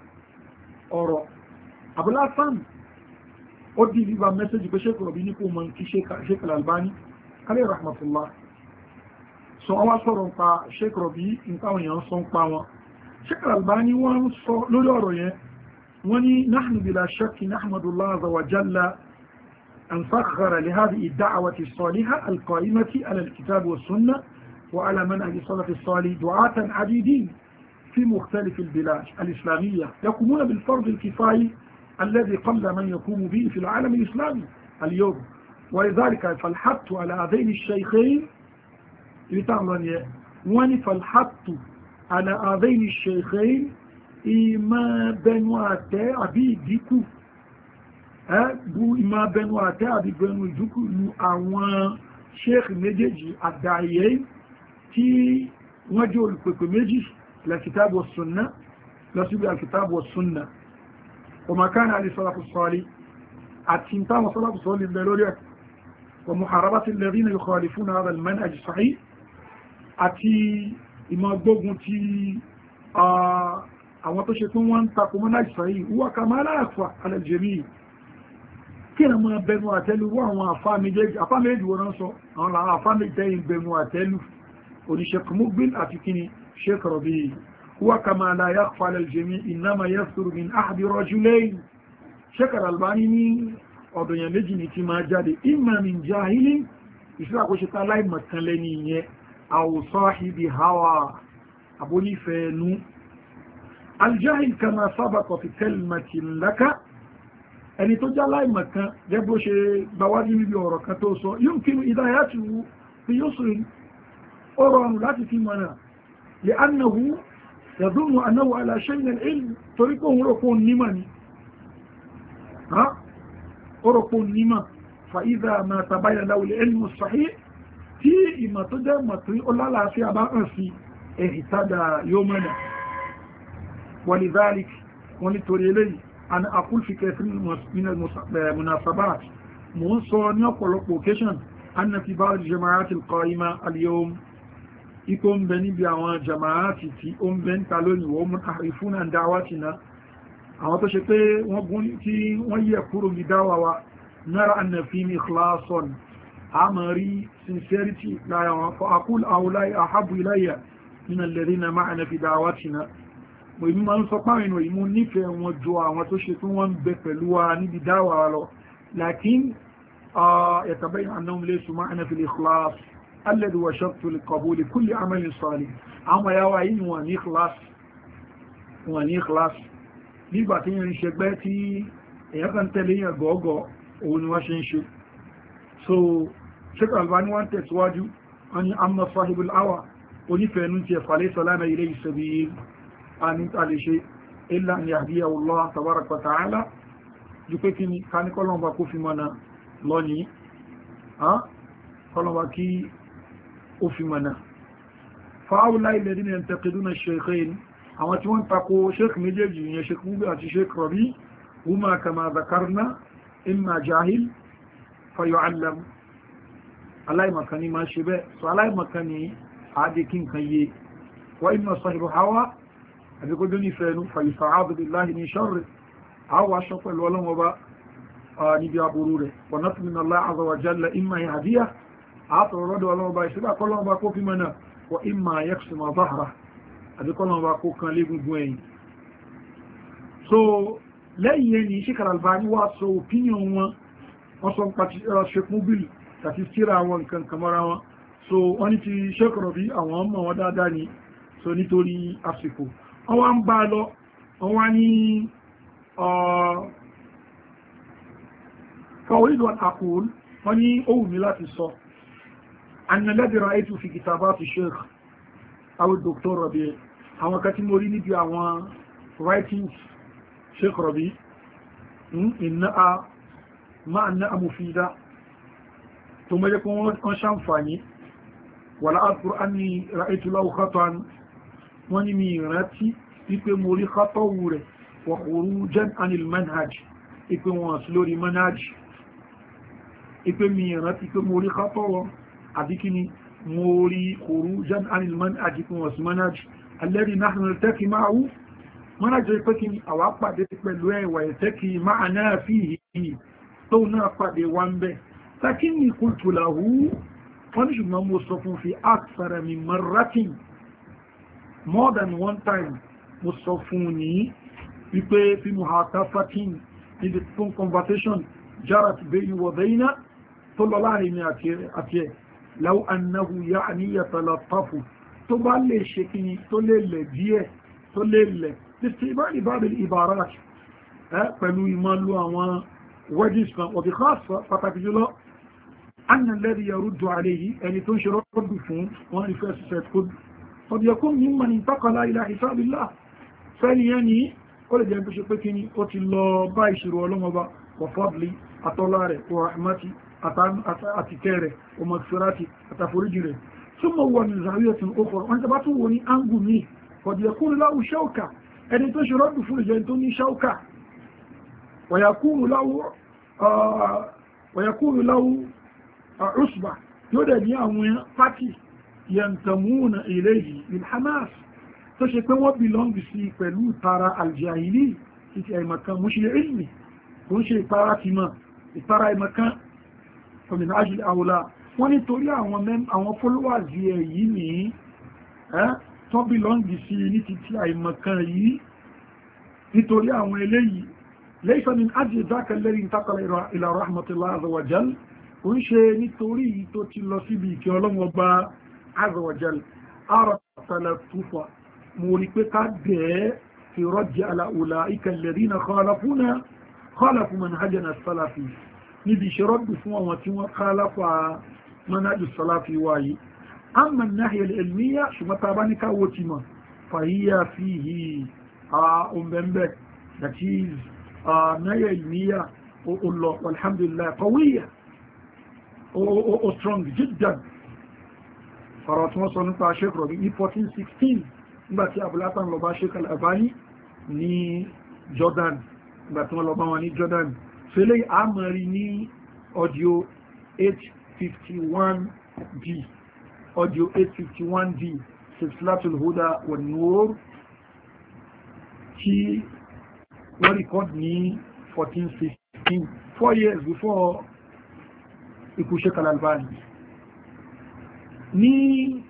ọ̀rọ̀ Sam ó di ìgbà mẹ́sẹ̀jì pé Sheikh Rabi nípò mọ́ kí Sheikh Al-Albani alẹ́ rahmatullah so ọwọ́ sọ̀rọ̀ nípa Sheikh Rabi nípa àwọn èèyàn sọ ń pa wọn Sheikh Al-Albani wọ́n ń sọ lórí ọ̀rọ̀ وني نحن بلا شك نحمد الله عز وجل أن سخر لهذه الدعوة الصالحة القائمة على الكتاب والسنة وعلى منهج الصلاة الصالح دعاة عديدين في مختلف البلاد الإسلامية يقومون بالفرض الكفائي الذي قل من يقوم به في العالم الإسلامي اليوم ولذلك فالحط على هذين الشيخين لتعلم وني فالحط على هذين الشيخين ìmọ̀ bẹnu àtẹ́ àbí ìdínkù ẹ́bù ìmọ̀ bẹnu àtẹ́ àbí bẹnu ìdínkù ní àwọn sheikh méjèèjì àdáyé tí wọ́n jẹ́ olùpèpè méjì lẹ́kìtàbọ̀ súnná lọ́síbí àkìtàbọ̀ súnná ọmọkánà alìsọ́lápùsọ́lì àti ìtàwọn sọ́lápùsọ́lì lẹ́ lórí ẹ̀ ومحاربة الذين يخالفون هذا المنهج الصحيح àti ìmọ̀ gbógun ti àwọn tó ṣe tó wọ́n ń takò mọ́ láìsà yìí wọ́n ká máa láàfà alẹ́jẹ̀mí kí ni mo bẹnu àtẹ́lù wọ́n àwọn àfá méjì wọ́n sọ àwọn làwọn àfá méjì tẹ́yìn bẹnu àtẹ́lù oníṣẹ́kù Muqbil àti kíni Sheikh ni ti máa jáde imma min jahilin ìṣúra kò ṣe tá láì mọ̀kan lẹ́ni ìyẹn aljahil kama sábàkọ̀ fi kẹlìmọ̀tì laka ẹni tó já láìmọ̀ kan jẹ́ bó ṣe gbawájú níbi ọ̀rọ̀ kan tó sọ yóò kí ìdáyà ti wú fi yóò sọ ó rọrùn láti fi mọ̀nà lè annahu yàdúnmù annahu aláṣẹ́yìn ilmi torí kó ń rọ̀pọ̀ nímọ̀ ni ó rọ̀pọ̀ nímọ̀ fa ìdá máa tàbáyà láwùlẹ̀ ilmi sahih tí ìmọ̀ tó jẹ́ mọ̀ tí ó lálàáfíà bá hàn sí ẹ̀hìtádà yóò mọ̀nà ولذلك ونتوريلي أنا أقول في كثير من المناسبات منصرني أقول أن في بعض الجماعات القائمة اليوم يكون بني بيوان جماعات في أم بن تالوني وهم أحرفون عن دعواتنا أما تشكي وقل في ويأكور بدعوة نرى أن في إخلاص عمري سنسيرتي لا يوان فأقول أولاي أحب إلي من الذين معنا في دعواتنا èmi máa ń sọ páwọn ènìyàn ìmú nífẹ̀ẹ́ wọn jọ àwọn tó ṣe fún wọn ń bẹ pẹ̀lú wa níbi dáwà lọ lakin yatabayyanu annahum laysu ma'ana fil ikhlas alladhi wa shartu li qabuli kulli amalin salih àwọn yàwá yìí wọn ní ikhlas wọn ní ikhlas nígbà tí yẹn albani wọ́n tẹ̀síwájú wọ́n ni amma sahibul awa onífẹ̀ẹ́nu ti ẹ̀fà lẹ́sọ̀lá ilé ìṣẹ́bí a ní tàà lè ṣe ilá ni àbíyà Allah tabaraka wa ta'ala ju pé kí ni ká ní kọ́lọ̀mbà kó fi mọ̀nà lọ ní kọ́lọ̀mbà kí ó fi mọ̀nà fa'áwùlá ilẹ̀ dínà yantaqiduna shaykhayn àwọn tí wọ́n tako sheikh aláìmọ̀kan ni máa ṣe bẹ́ẹ̀ so aláìmọ̀kan ni àádé kí nǹkan yé wa imma sahibu hawa àdíkójú nífẹ́ ẹnu fàyífà ábìláhì ní ṣọ́rẹ̀ àwọ̀ aṣọ pẹ̀lú ọlọ́wọ́ bá níbi aburú rẹ̀ wọ̀nàtìmínàlá àzọwàjálẹ̀ ìmọ̀ ìhàdíyà àtọ̀rọ̀dọ̀ ọlọ́wọ́ bá ìṣẹ́bà kọ́lọ́wọ́ bá kó fi mọ́nà wọ ìmọ̀ ayẹ́kùsùmọ̀ báhara àdíkọ́lọ́wọ́ bá so lẹ́yìn ẹni ṣíkàrà albani wá sọ opinion wọn wọ́n sọ nípa ṣekúnbìl uh, àti síra wọn nǹkan kamara wọn so wọ́n ni ti ṣẹ́kọ̀rọ̀ bí àwọn ọmọ wọn dáadáa ni so nítorí àsìkò ọwá ń bá lọ ọwá ní kọwàá ìlú àkùl wọ́n ní ohun mi láti sọ annalẹ́bìnrin àìtù fi kìtàbá fi sheikh àwọn dr rabi àwọn kan mo rí níbi àwọn writings sheikh rabi hmm, inna a máa ná amòfidá tó mẹ́jẹ́ kí wọ́n ṣàǹfààní wàlá àkùránì ra'aytu wọ́n ní mi ìrántí wípé mo rí kátọ́wù rẹ̀ wọ̀kùrú jen anil manhaj ipe wọn àti lórí manhaj ipe mi ìrántí pé mo rí kátọ́wọ́ àdíkíní mo rí kùrú jen anil manhaj ipe wọn sí manhaj alẹ́rí náà tẹ́kì máa wú manhaj rẹ̀ pé kí ni àwa pàdé pẹ̀lú ẹ̀wà ìtẹ́kì máa náà fi yìí more than one time mo sọ fún un ní wípé fi muhatafatin níbi fún conversation jarat bayi wa bayna tó lọ láàrin mi àti ẹ̀ law annahu ya'ni yatalatafu tó bá lè ṣe kíni tó lè lẹ̀ díẹ̀ tó lè lẹ̀ títí bá ní bábìl ibarat pẹ̀lú ìmọ̀lú àwọn wedges kan ọ̀bí khas pàtàkì jùlọ anna alladhi yaruddu alayhi ẹni tó ń ṣe rọ́dù fún wọn rí fẹ́ قد يكون ممن انتقل إلى حساب الله فليني قل جنب شبكني قلت الله بايشر ولمبا وفضلي أطلاري ورحمتي أتكاري ومغفراتي أتفرجري ثم هو من زاوية أخرى وأنت باتوني أنقمي قد يكون له شوكة أن تشرد فرجنتني شوكة ويكون له ويكون له عصبة يودني أمويا فاتي yantamuna ilayhi bil hamas tó ṣe pé wọ́n bìlọ́ngì sí pẹ̀lú tara aljahili títí àìmọ̀kan múṣílẹ̀ ilmi tó ń ṣe ìpara ti mọ̀ ìpara àìmọ̀kan ọmọdé ajil àwòlá wọ́n ní torí àwọn followers ẹ̀ yìí ní tó bìlọ́ngì sí ní títí àìmọ̀kan yìí azawajal arasala tufa mo rí pé ká bẹ̀ẹ́ fi rọ́jì ala ulaika alladhina khalafuna khalafu manhajana salafi níbi iṣẹ́ rọ́jì fún àwọn tí wọ́n khalafa manhaj salafi wáyé amma an-nahya al-ilmiya ṣùgbọ́n ta bá ní káwó ti mọ̀ fàyíyà fihi a ọ̀bẹ̀m̀bẹ̀ that is náyà ilmiya ó lọ alhamdulillah qawiyya ó strong jiddan ọ̀rọ̀ tí wọ́n sọ nípa Sheikh ní 1416 nígbàtí abúlátà ń lọ bá Sheikh Al-Albani ní Jordan nígbàtí wọ́n lọ bá wọn ní Jordan fẹ́lẹ̀ àmọ́rí ní audio 851d audio 851d Silsilatul Huda wan Nur tí wọ́n record ní 1416 four years before ikú Sheikh al ní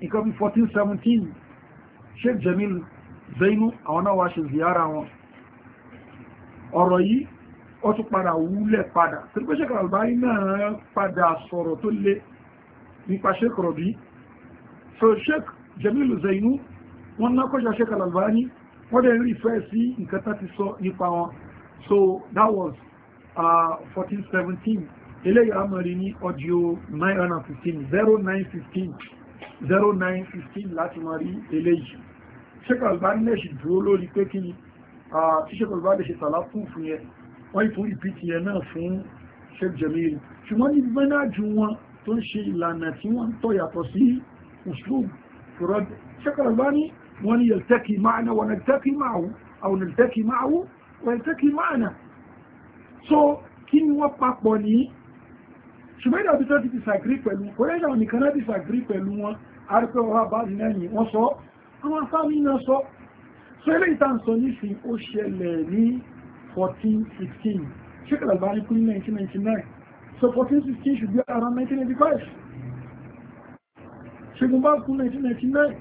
nǹkan bí 1417 Sheikh Jamil Zainu àwọn náà wá ṣe ziyara wọn ọ̀rọ̀ yìí ó tún padà wúlẹ̀ padà torí pé Sheikh Albani náà padà sọ̀rọ̀ tó le nípa Sheikh Rabi so Sheikh Jamil Zainu wọ́n ná kọjá Sheikh Albani wọ́n dẹ̀ rí ìfẹ́ sí nǹkan tá sọ nípa wọn so that was uh, 1417 eléyìí àmọ̀rí ní ọdíò 915 0915 0915 láti mọ̀ rí eléyìí ṣẹ́kọ̀ àgbà nílẹ̀ ṣì dúró lórí pé kí ni ṣẹ́kọ̀ àgbà lè ṣe tàlá fún fún yẹ wọ́n ìfún ìpìtì yẹ náà fún Sheikh Jamil ṣùgbọ́n ní mẹ́nájú wọn tó ń ṣe ìlànà tí wọ́n tọ́ yàtọ̀ sí so kí ni wọ́n papọ̀ ní ṣùgbọ́n ìdàbí tó ti disagree pẹ̀lú kòrẹ́ṣà nìkan náà disagree pẹ̀lú wọn arúgbó ọba báyìí náà yìí wọ́n sọ àwọn afáàmì náà sọ so ilé ìtàn sọ nísìn ó ṣẹlẹ̀ ní 1416 ṣíkàlà Albani kú 1999 so 1416 should be around 1985 ṣègùn bá kú 1999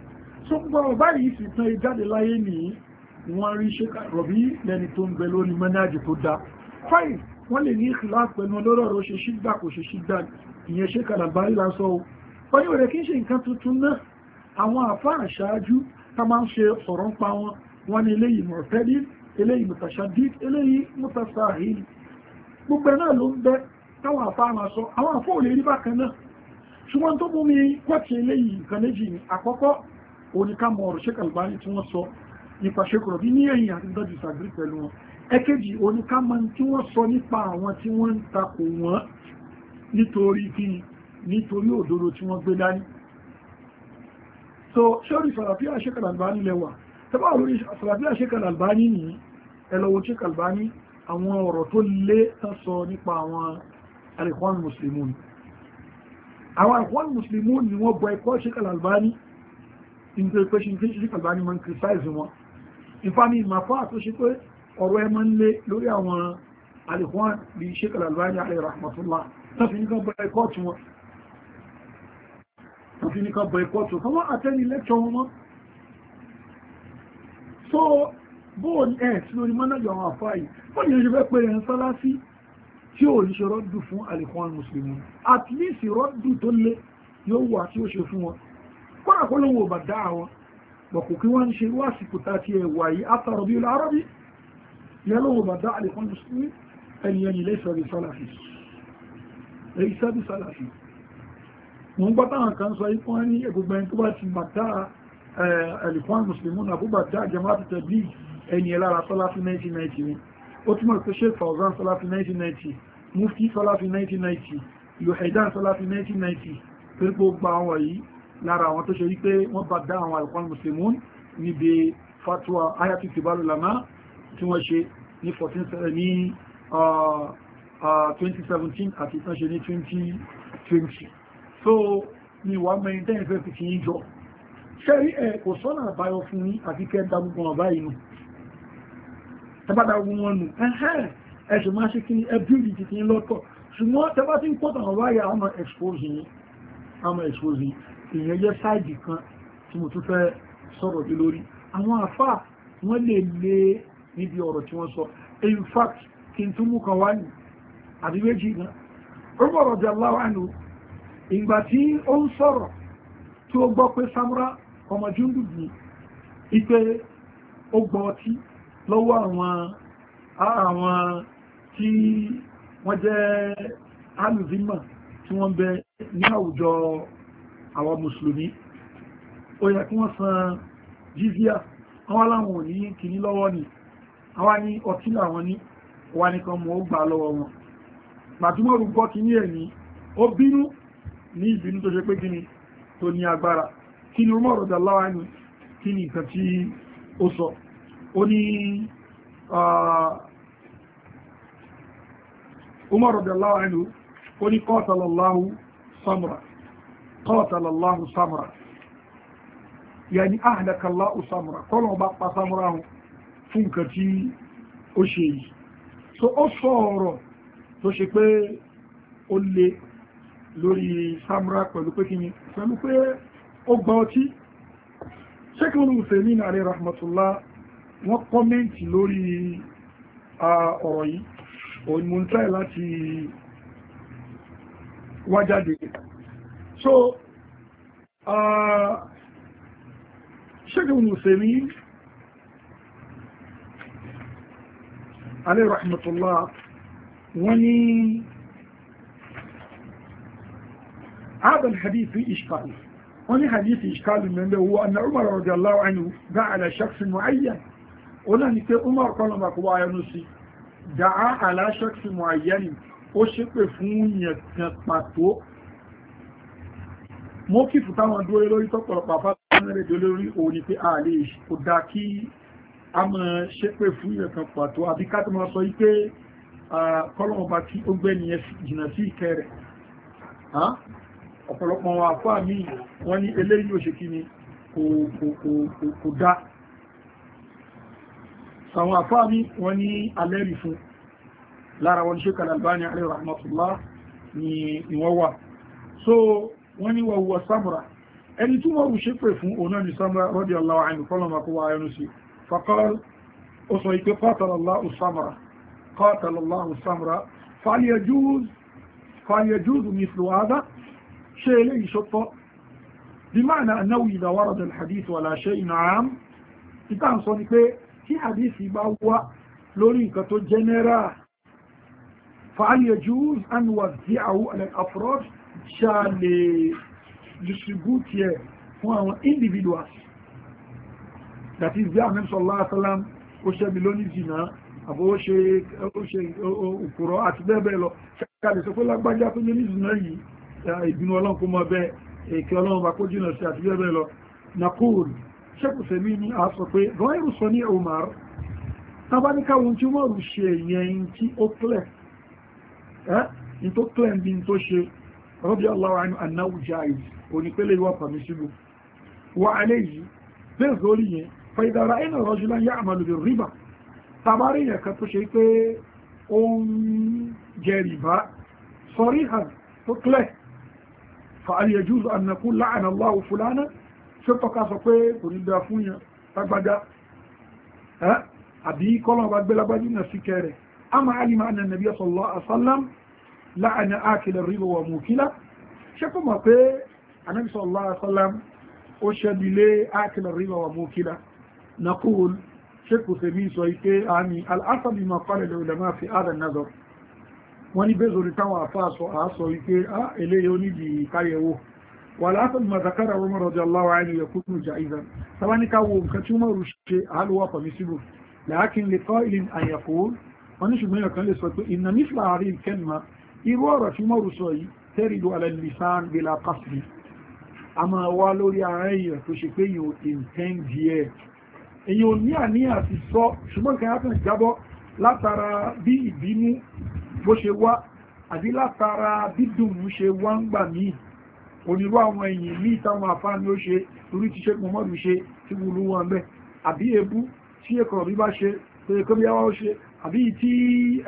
so gbogbo àwọn báyìí sì tán ìjáde láyé nìyí wọ́n rí ṣíkàlà rọ̀bí lẹ́ni tó ń bẹ lórí mẹ́nájì tó dá wọ́n lè ní ìkìlá pẹ̀lú olóró ṣe ṣígbà kò ṣe ṣígbà ìyẹn ṣe kàlàbárí lásọ o wọ́n yóò rẹ̀ kí ń ṣe nǹkan tuntun náà àwọn àfá àṣáájú tá máa ń ṣe ọ̀rọ̀ ń pa wọn wọ́n ní eléyìí mọ̀tẹ́lì eléyìí mùtàṣàdí eléyìí mùtàṣàhìl gbogbo ẹ̀ náà ló ń bẹ táwọn àfá máa sọ àwọn àfó ò lè rí bákan náà ṣùgbọ́n tó mú mi kọ́ọ̀tì eléyìí nǹkan méjì ní àkọ́kọ́ òní ká mọ ọ̀rọ̀ ṣe kàlàbárí tí wọ́n sọ nípa ṣe kọ̀rọ̀ bí ní ẹ̀yìn àti dọ́jú sàgbé pẹ̀lú wọn ẹ̀kejì oníkámọ́ tí wọ́n sọ nípa àwọn tí wọ́n ń takò wọ́n nítorí kí nítorí òdodo tí wọ́n gbé dání so ṣórí sàràfí àṣẹ́kàlà albani lẹ́wà tẹ́bà lórí sàràfí albani ní ẹlọ́wọ́ ṣẹ́kàlà albani àwọn ọ̀rọ̀ tó lé sọ nípa àwọn alikhwan muslimun àwọn alikhwan muslimun ni wọ́n bọ ẹ̀kọ́ ṣẹ́kàlà albani interpretation ṣẹ́kàlà albani man criticize wọn ìfàmì ìmàfà tó ṣe pé ọ̀rọ̀ ẹmọ ń lé lórí àwọn alìkún bí Sheikh Al-Albani alayhi rahmatullah tó fi ní kan boycott wọn wọ́n àtẹ́ni lẹ́kṣọ́ wọn mọ́ so bóò ní ẹ̀ sí lórí mọ́nàjọ àwọn àfáàyè wọ́n yẹn ṣe fẹ́ pé ẹ̀ ń sálá sí tí ò ní ṣe rọ́dù fún alìkún mùsùlùmí at least rọ́dù tó lé yóò wà tí ó ṣe fún wọn kọ́nà kó lówó bàdá àwọn bọ̀kù kí wọ́n ń ṣe wá àsìkò tá ti ẹ̀wà yìí after Rabiul Arabi يلوه بدع لكل مسلم أن يعني ليس بسلفي ليس بسلفي wọ́n gbọ́tàwọn kan sọ ikú wọ́n ní ẹgbùgbẹ́ tó bá ti bàtà ẹ̀lìkọ́n musulmùn àbúbàtà jẹmọ́tì tẹ̀bí ẹni ẹlára sọ́láfí 1990 ni ó túnmọ̀ pé ṣe fàwọ́zán sọ́láfí 1990 mufti sọ́láfí 1990 yohaidan sọ́láfí 1990 pé gbogbo àwọn yìí lára àwọn tó ṣe wípé wọ́n bàtà àwọn ẹ̀lìkọ́n musulmùn níbi fatwa ayatul kibalulama tí wọ́n ṣe ní 14 ní 2017 uh, uh, àti tán ṣe ní 2020 so ni wà mẹ́rin tẹ́yìn fẹ́ fi kí ń jọ ṣẹ́rí ẹ̀ kò sọ́nà àbáyọ fún ní àti kẹta gbogbo ọ̀bá inú tẹ́bàdà ogun wọn nù ẹ̀ṣẹ̀ máa ṣe kí ní ẹbílì ti ti ń lọ́tọ̀ ṣùgbọ́n tẹ́bà tí ń pọ̀ tàn wáyà àmà exposing ìyẹn jẹ́ sáìdì kan tí mo tún fẹ́ sọ̀rọ̀ lórí àwọn àfà wọ́n lè lè níbi ọ̀rọ̀ tí wọ́n sọ in fact kí n tún mú kan wá ní àdíwéjì náà Umar radiyallahu anhu ìgbà tí ó ń sọ̀rọ̀ tí ó gbọ́ pé Samura ọmọ Jundub ní ipe ó gbọ́ ọtí lọ́wọ́ àwọn tí wọ́n jẹ́ alùzímà tí wọ́n bẹ ní àwùjọ àwọn mùsùlùmí ó yẹ kí wọ́n san jizya wọ́n láwọn ò ní kìíní lọ́wọ́ ni àwọn ní ọtí na ní wà nìkan mọ̀ ó gbà lọ́wọ́ wọn gbàtúmọ̀rù gbọ́ kí ní ẹ̀mí ó bínú ní ìbínú tó ṣe pé kí ni tó ní agbára kí ni Umar radiyallahu anhu kí ni nǹkan tí ó sọ ó ní Umar radiyallahu anhu ó ní samra qatalallahu samra samra fún nǹkan tí ó ṣe yìí so ó sọ ọ̀rọ̀ tó ṣe pé ó lè lórí samra pẹ̀lú pé kí ni pẹ̀lú pé ó gba ọtí ṣékùnlù hussein àrẹ rahmatullah wọ́n kọ́mẹ́ǹtì lórí ọ̀rọ̀ yìí òun mú tẹ́ láti wájáde so ṣékùnlù hussein alẹ́ rahmatullah wọ́n ní adal hadithi ishkalu wọ́n ní hadithi ishkalu mẹ́lẹ̀ wo anna umar radiyallahu anhu dá ala shakhsin mu'ayyan ó náà ni pé umar kọlọmọ kọwọ́ ayanu sí dá ala shakhsin mu'ayyan ó ṣépè fún yẹn kan pàtó mọ́kìfù táwọn dúró lórí tọ́pọ̀lọpọ̀ afárá a mọ̀ ṣe pé fún ìyẹ̀kan pàtó àbí ká tó máa sọ wípé kọ́lọ̀mọba tí ó gbé ní jìnà sí ìkẹ́ rẹ̀ ọ̀pọ̀lọpọ̀ wọn àfáà mí wọ́n ní eléyìí ò ṣe kí ni kò dá sàwọn àfáà mí wọ́n ní alẹ́rì fún lára wọn ṣe Al-Albani alayhi rahmatullah ni wọ́n wà so wọ́n ní wọ́n wọ Samura ẹni tí wọ́n wù ṣe pè fún òun náà ni Samura radiyallahu anhu kọ́lọ̀mọba kó wá ayọ́nu sí فقال أصيب قاتل الله السمرة قاتل الله السمرة فليجوز فليجوز مثل هذا شيء لي شطة بمعنى أنه إذا ورد الحديث ولا شيء عام ìtàn sọ ni pé tí àdísì bá wá lórí nǹkan tó jẹ́nẹ́rà fàálẹ̀ jews and distribute ẹ̀ fún àwọn individuals tàbí bí Ànábì sallallahu alaihi wasallam ó ṣẹ́bi lónìí jìnà àbò ó ṣe òkúrọ̀ àti bẹ́ẹ̀ bẹ́ẹ̀ lọ ṣàkàlẹ̀ sọ pé lágbájá tó lónìí jìnà yìí ìbínú ọlọ́run kó mọ bẹ́ẹ̀ èkè ọlọ́run bá kó jìnà sí àti bẹ́ẹ̀ bẹ́ẹ̀ lọ nakul ṣẹ́kùsẹ̀ mi ni a sọ pé gọ́ẹ̀rù sọ ní Umar tábáníkàwọn tí rọ́bí aláwọ̀ àánú annáwù jáì onípele ìwà pàmísílù wà alẹ́ yìí bẹ́ẹ̀ sórí yẹn فإذا رأينا رجلا يعمل بالربا تبارين كتشي بي أم جريبا صريحا تطلع فهل يجوز أن نقول لعن الله فلانا سبقا سبقا قريب دافونيا تقبدا ها أبي كلهم بقبلا بجينا سكاري أما علم أن النبي صلى الله عليه وسلم لعن آكل الربا وموكله ṣẹ́kù mọ̀ pé anábìsọ̀ ọ̀lá àṣọ́lá ó ṣẹ́bi lé ákìlọ̀ ríwọ̀ wà mú نقول شيخ سمين سويكي يعني الأصل ما قال العلماء في هذا النظر واني بيزو لتوى فاسو آسويكي آه إليه ونجي كايوه والأصل ما ذكر عمر رضي الله عنه يكون جائزا سواني كاوهم كتوما رشي هل هو فمسيبه لكن لقائل أن يقول ونشوف هنا كان لسويكي إن مثل هذه الكلمة إبارة في مرسوي ترد على اللسان بلا قصد أما والو يا عيني تشكيه إنتنجيه èyí ò ní àníyàn àti sọ ṣùgbọ́n nǹkan yàtọ̀ jábọ́ látara bí ìbínú bó ṣe wá àbí látara bídùnú ṣe wá ń gbà míì onírú àwọn èyìn ní ìtàwọn àfáàní ó ṣe orí ti ṣe mọ́mọ́dù ṣe tí wùlú wọn bẹ́ àbí ebú tí ẹkọ̀ rí bá ṣe tó ẹkọ́ bí wá ṣe àbí tí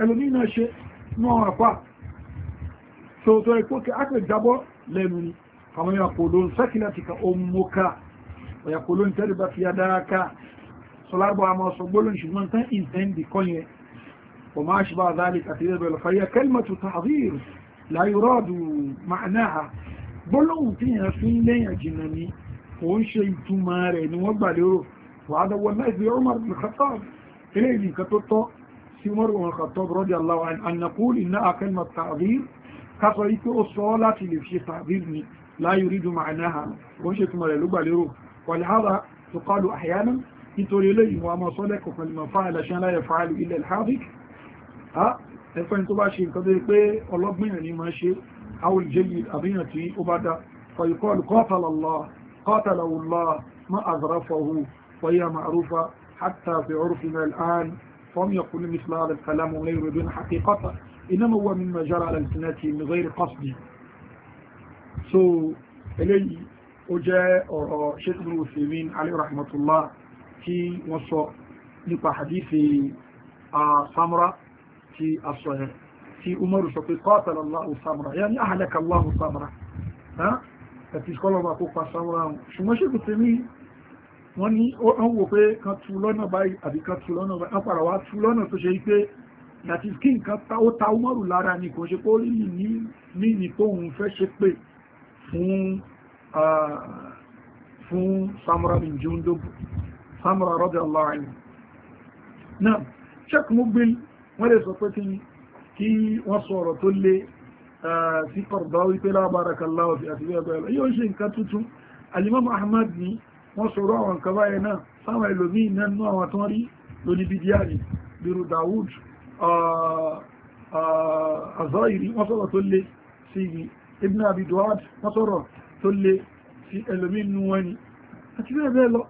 ẹlòmí náà ṣe ní àpá tó tó kí ákẹ́ jábọ́ lẹ́nu ni àwọn ìyàkó ló ń sẹ́kìlá ti ka ó mú ká ìyàkó ló ń tẹ́rìbá fi adára ká sọlágbọ́ àmọ́ sọ gbólóhùn ṣùgbọ́n tán ìtẹ́ǹdì kọ́ yẹn wọ́n máa ṣe bá dáàlì àti rẹ̀ bẹ̀rẹ̀ fàyẹ kẹ́lmẹ̀tù tààzír láyúrọ́dù ma'anáà gbólóhùn tí yẹn fi ń lẹ́yìn jìnnà ni ó ń ṣe ìtumọ̀ rẹ̀ ni wọ́n gbà lérò wàhádà wọn láì fi Umar bin Khattab ilé ìlú nǹkan tó tọ́ sí Umar bin Khattab radiyallahu anhu ànàkúlì náà kẹ́lmẹ̀tù tààzír kásọ yìí pé ó nítorí eléyìí wọn a máa sọ́lẹ́kọ̀ pẹ̀lú ma fa'ala shay'an la yaf'alu illa al-hadik ẹ̀fẹ́ tó bá ṣe nǹkan tó yẹ pé ọlọ́gbìyàn ní máa ṣe aw al-jayyid àbíyàn tí ó bá dá fayuqalu qatala Allah qatala Allah مثل هذا الكلام ولا يريدون إنما هو مما جرى على من غير قصد so eléyìí ó jẹ́ ọ̀rọ̀ Sheikh Ibn Uthaymeen alayhi rahmatullah tí wọ́n sọ nípa hadithi samura tí a sọ yẹn tí umaru sọ pé qatala Allahu samura yẹn ní ahlaka Allahu samura àti ìṣkọ́lọ́wà kó pa samura wọn ṣùgbọ́n ṣe kò tẹ́ ní wọ́n ní wọ́n wò pé kan tú lọ́nà báyìí àbí kan tú lọ́nà báyìí apàrà wá tú lọ́nà tó ṣe pé yàtí fún samura bin jundubu Samura radiyallahu anhu náà Sheikh Mukbil wọ́n lè sọ pé kí wọ́n sọ̀rọ̀ tó lé sí Qardawi pé la barakallahu fi àti bẹ́ẹ̀ lọ yóò ṣe nǹkan tuntun Al-Imam Ahmad ni wọ́n sọ̀rọ̀ àwọn nǹkan báyẹn náà sáwọn ẹlòmíì náà nú àwọn tó ń rí lóní bídíà ni bíru Dawud àzọ́ìrí wọ́n sọ̀rọ̀ tó lé sí Ibn Abi Duad wọ́n sọ̀rọ̀ tó lé sí ẹlòmíì nú wọn ni àti bẹ́ẹ̀ bẹ́ẹ̀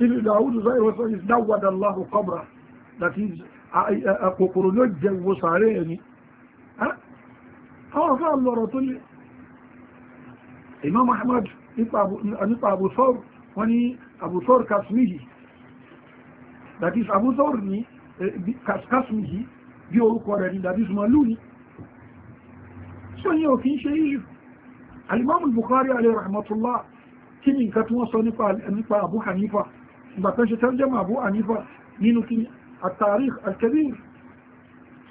Ibn Dawud sọ ìdáwàdà Allahu qabra that is kòkòrò ló jẹ wo sàárẹ̀ ẹni àwọn afẹ́ àlọ́rọ̀ tó lè Imam Ahmad nípa àbùsọ́r wọ́n ní àbùsọ́r kasmihi that is àbùsọ́r ní e, kasmihi bí orúkọ rẹ̀ ní that is màlúù ní sọ ní òfin ṣe yíyù Al-Imam alayhi rahmatullah kí ni nǹkan tí wọ́n sọ nípa Abu Hanifa ìgbà tó ń ṣe tẹ́lẹ̀jẹ́mù àbú ànífà nínú kí at-tarikh al-kabir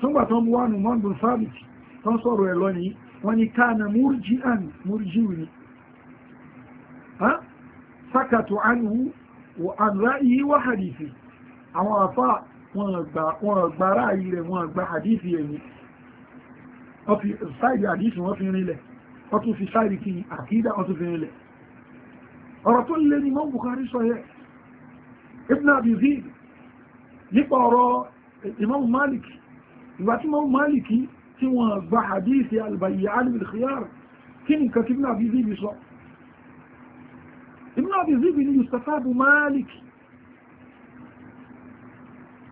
sọ́gbà tó ń bu wánu mọ́ bin sabit tó ń sọ̀rọ̀ ẹ̀ lọ́nìí wọ́n ni kana murji'an murji'u ni sakatu anhu wa an ra'yi wa hadithi àwọn afa wọn gba ráàyí rẹ̀ wọn gba hadithi ẹ̀mí wọ́n fi sáìdì hadithi fi rinlẹ̀ wọ́n tún fi sáìdì kí àkídà wọ́n tún fi rinlẹ̀ ọ̀rọ̀ tó lé ní mọ́ Bukhari sọ yẹ́ ibn abizid nípa ọ̀rọ̀ imam malik ìgbà tí imam malik tí wọ́n gba hadith albayyá albil khiyar kí ni nǹkan tí ibn abizid sọ ibn abizid ni yustafabu malik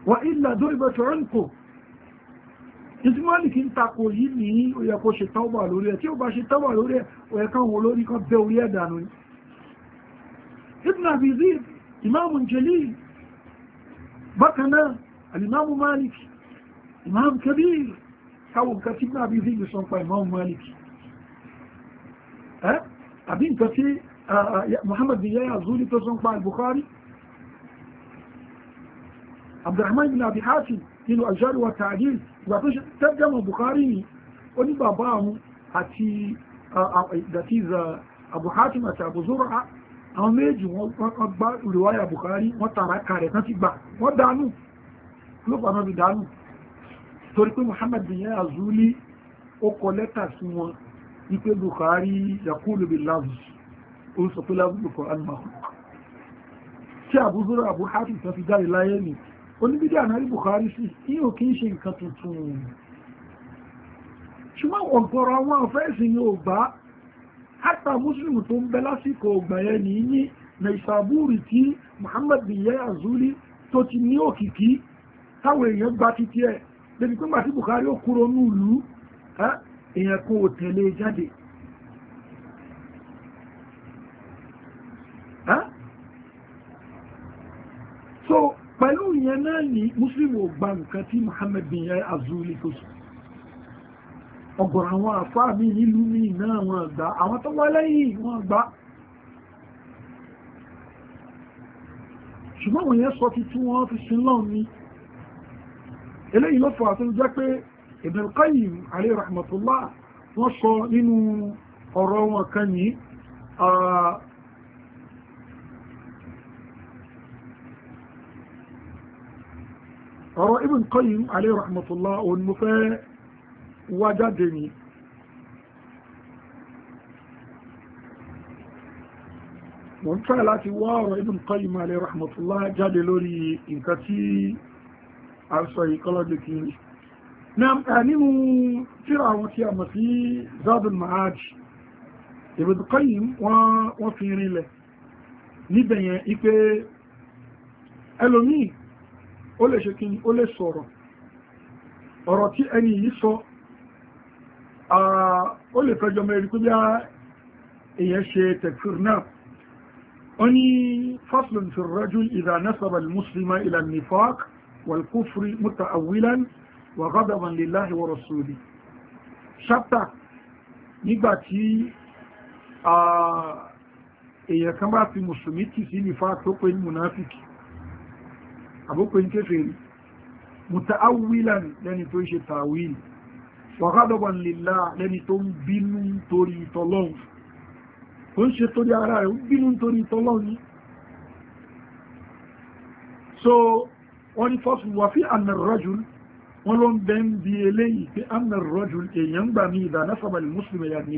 wa illa duribat unqu ìtí malik ń takò yìí ní ó yẹ kó ṣe tọ́bà lórí ẹ̀ tí ó bá ṣe tọ́bà lórí ẹ̀ ó káwọn olórí kan bẹ́ orí ẹ̀ dànù ibn abizid إ م ا م جليل مكن الإمام ل إ م ا م مالك إ م ا م كبير او كتبنا به في صنف ا ل إ م ا م مالك أه؟ ابن كفي أه، أه، محمد بن ياه زولي في صنف ا ل بخاري عبد الرحمن بن ابي حاتم ي ن و اجار وتعديل ترجم البخاري وني باباه حتي ابو حاتم ابو زرعه àwọn méjì wọ́n gbá ìrìwáyà Bukhari wọ́n tààrà kààrẹ̀ tán ti gbà wọ́n dánú lọ́pàá náà bí dánú torí pé Muhammad bin yẹ́ Azuli ó kọ lẹ́tà sí wọn wípé Bukhari yakulu bi lafz ó sọ pé lafz Bukhari ma hù tí àbúzúrò àbú hafiz tán fi jáde láyé ni hátà mùsùlùmù tó ń bẹ lásìkò ọgbà yẹn ní ní nàìsàbúrì tí Muhammad bin Yahya Azuli tó ti ní òkìkí táwọn èèyàn gba títí ẹ̀ débi pé gbàtí Bukhari ó kúrò ní ìlú èèyàn kò tẹ̀lé e jáde so pẹ̀lú ìyẹn náà ni mùsùlùmù ò gba nǹkan tí Muhammad bin Yahya Azuli tó sọ ọ̀gọ̀rọ̀ àwọn àfáà mi nílùú mi náà wọn àgbà àwọn tó wá lẹ́yìn wọn àgbà ṣùgbọ́n àwọn yẹn sọ títí wọn fi sin lọ́n ni eléyìí ló fà á tó jẹ́ pé Ibn Qayyim alayhi wọ́n sọ nínú ọ̀rọ̀ wọn kan ní ọ̀rọ̀ Ibn Qayyim alayhi òun mo fẹ́ wá jáde ni mo ń láti wá ọ̀rọ̀ rahmatullah jáde lórí tí a sọ ìkọlọ́dé nínú tíra tí a mọ̀ sí fi níbẹ̀yẹn ipé lè ṣe kí o lè sọ̀rọ̀ ọ̀rọ̀ tí ẹni yìí sọ Ah, ó lè fẹjọ mẹ́rin kó bí èyàn ṣe tẹ̀kfir náà ó ní faslun fi rajul idha nasaba al-muslima ila nifaq wal kufri muta'awwilan wa ghadaban lillahi wa rasuli ṣáptà nígbàtí èyàn kan bá fi musulmi kì sí nifaq tó pé ní wàhádọ́bà nílá lẹ́ni tó ń bínú torí ìtọ́lọ́un ó ń ṣe torí ara rẹ̀ ń bínú torí ìtọ́lọ́un ní so wọ́n ni fọ́sùn wà fí anàrọ́jùl wọ́n ló ń bẹ́ ń bí eléyìí pé anàrọ́jùl èèyàn gbà ní ìdáná sábàlì mùsùlùmí yà ní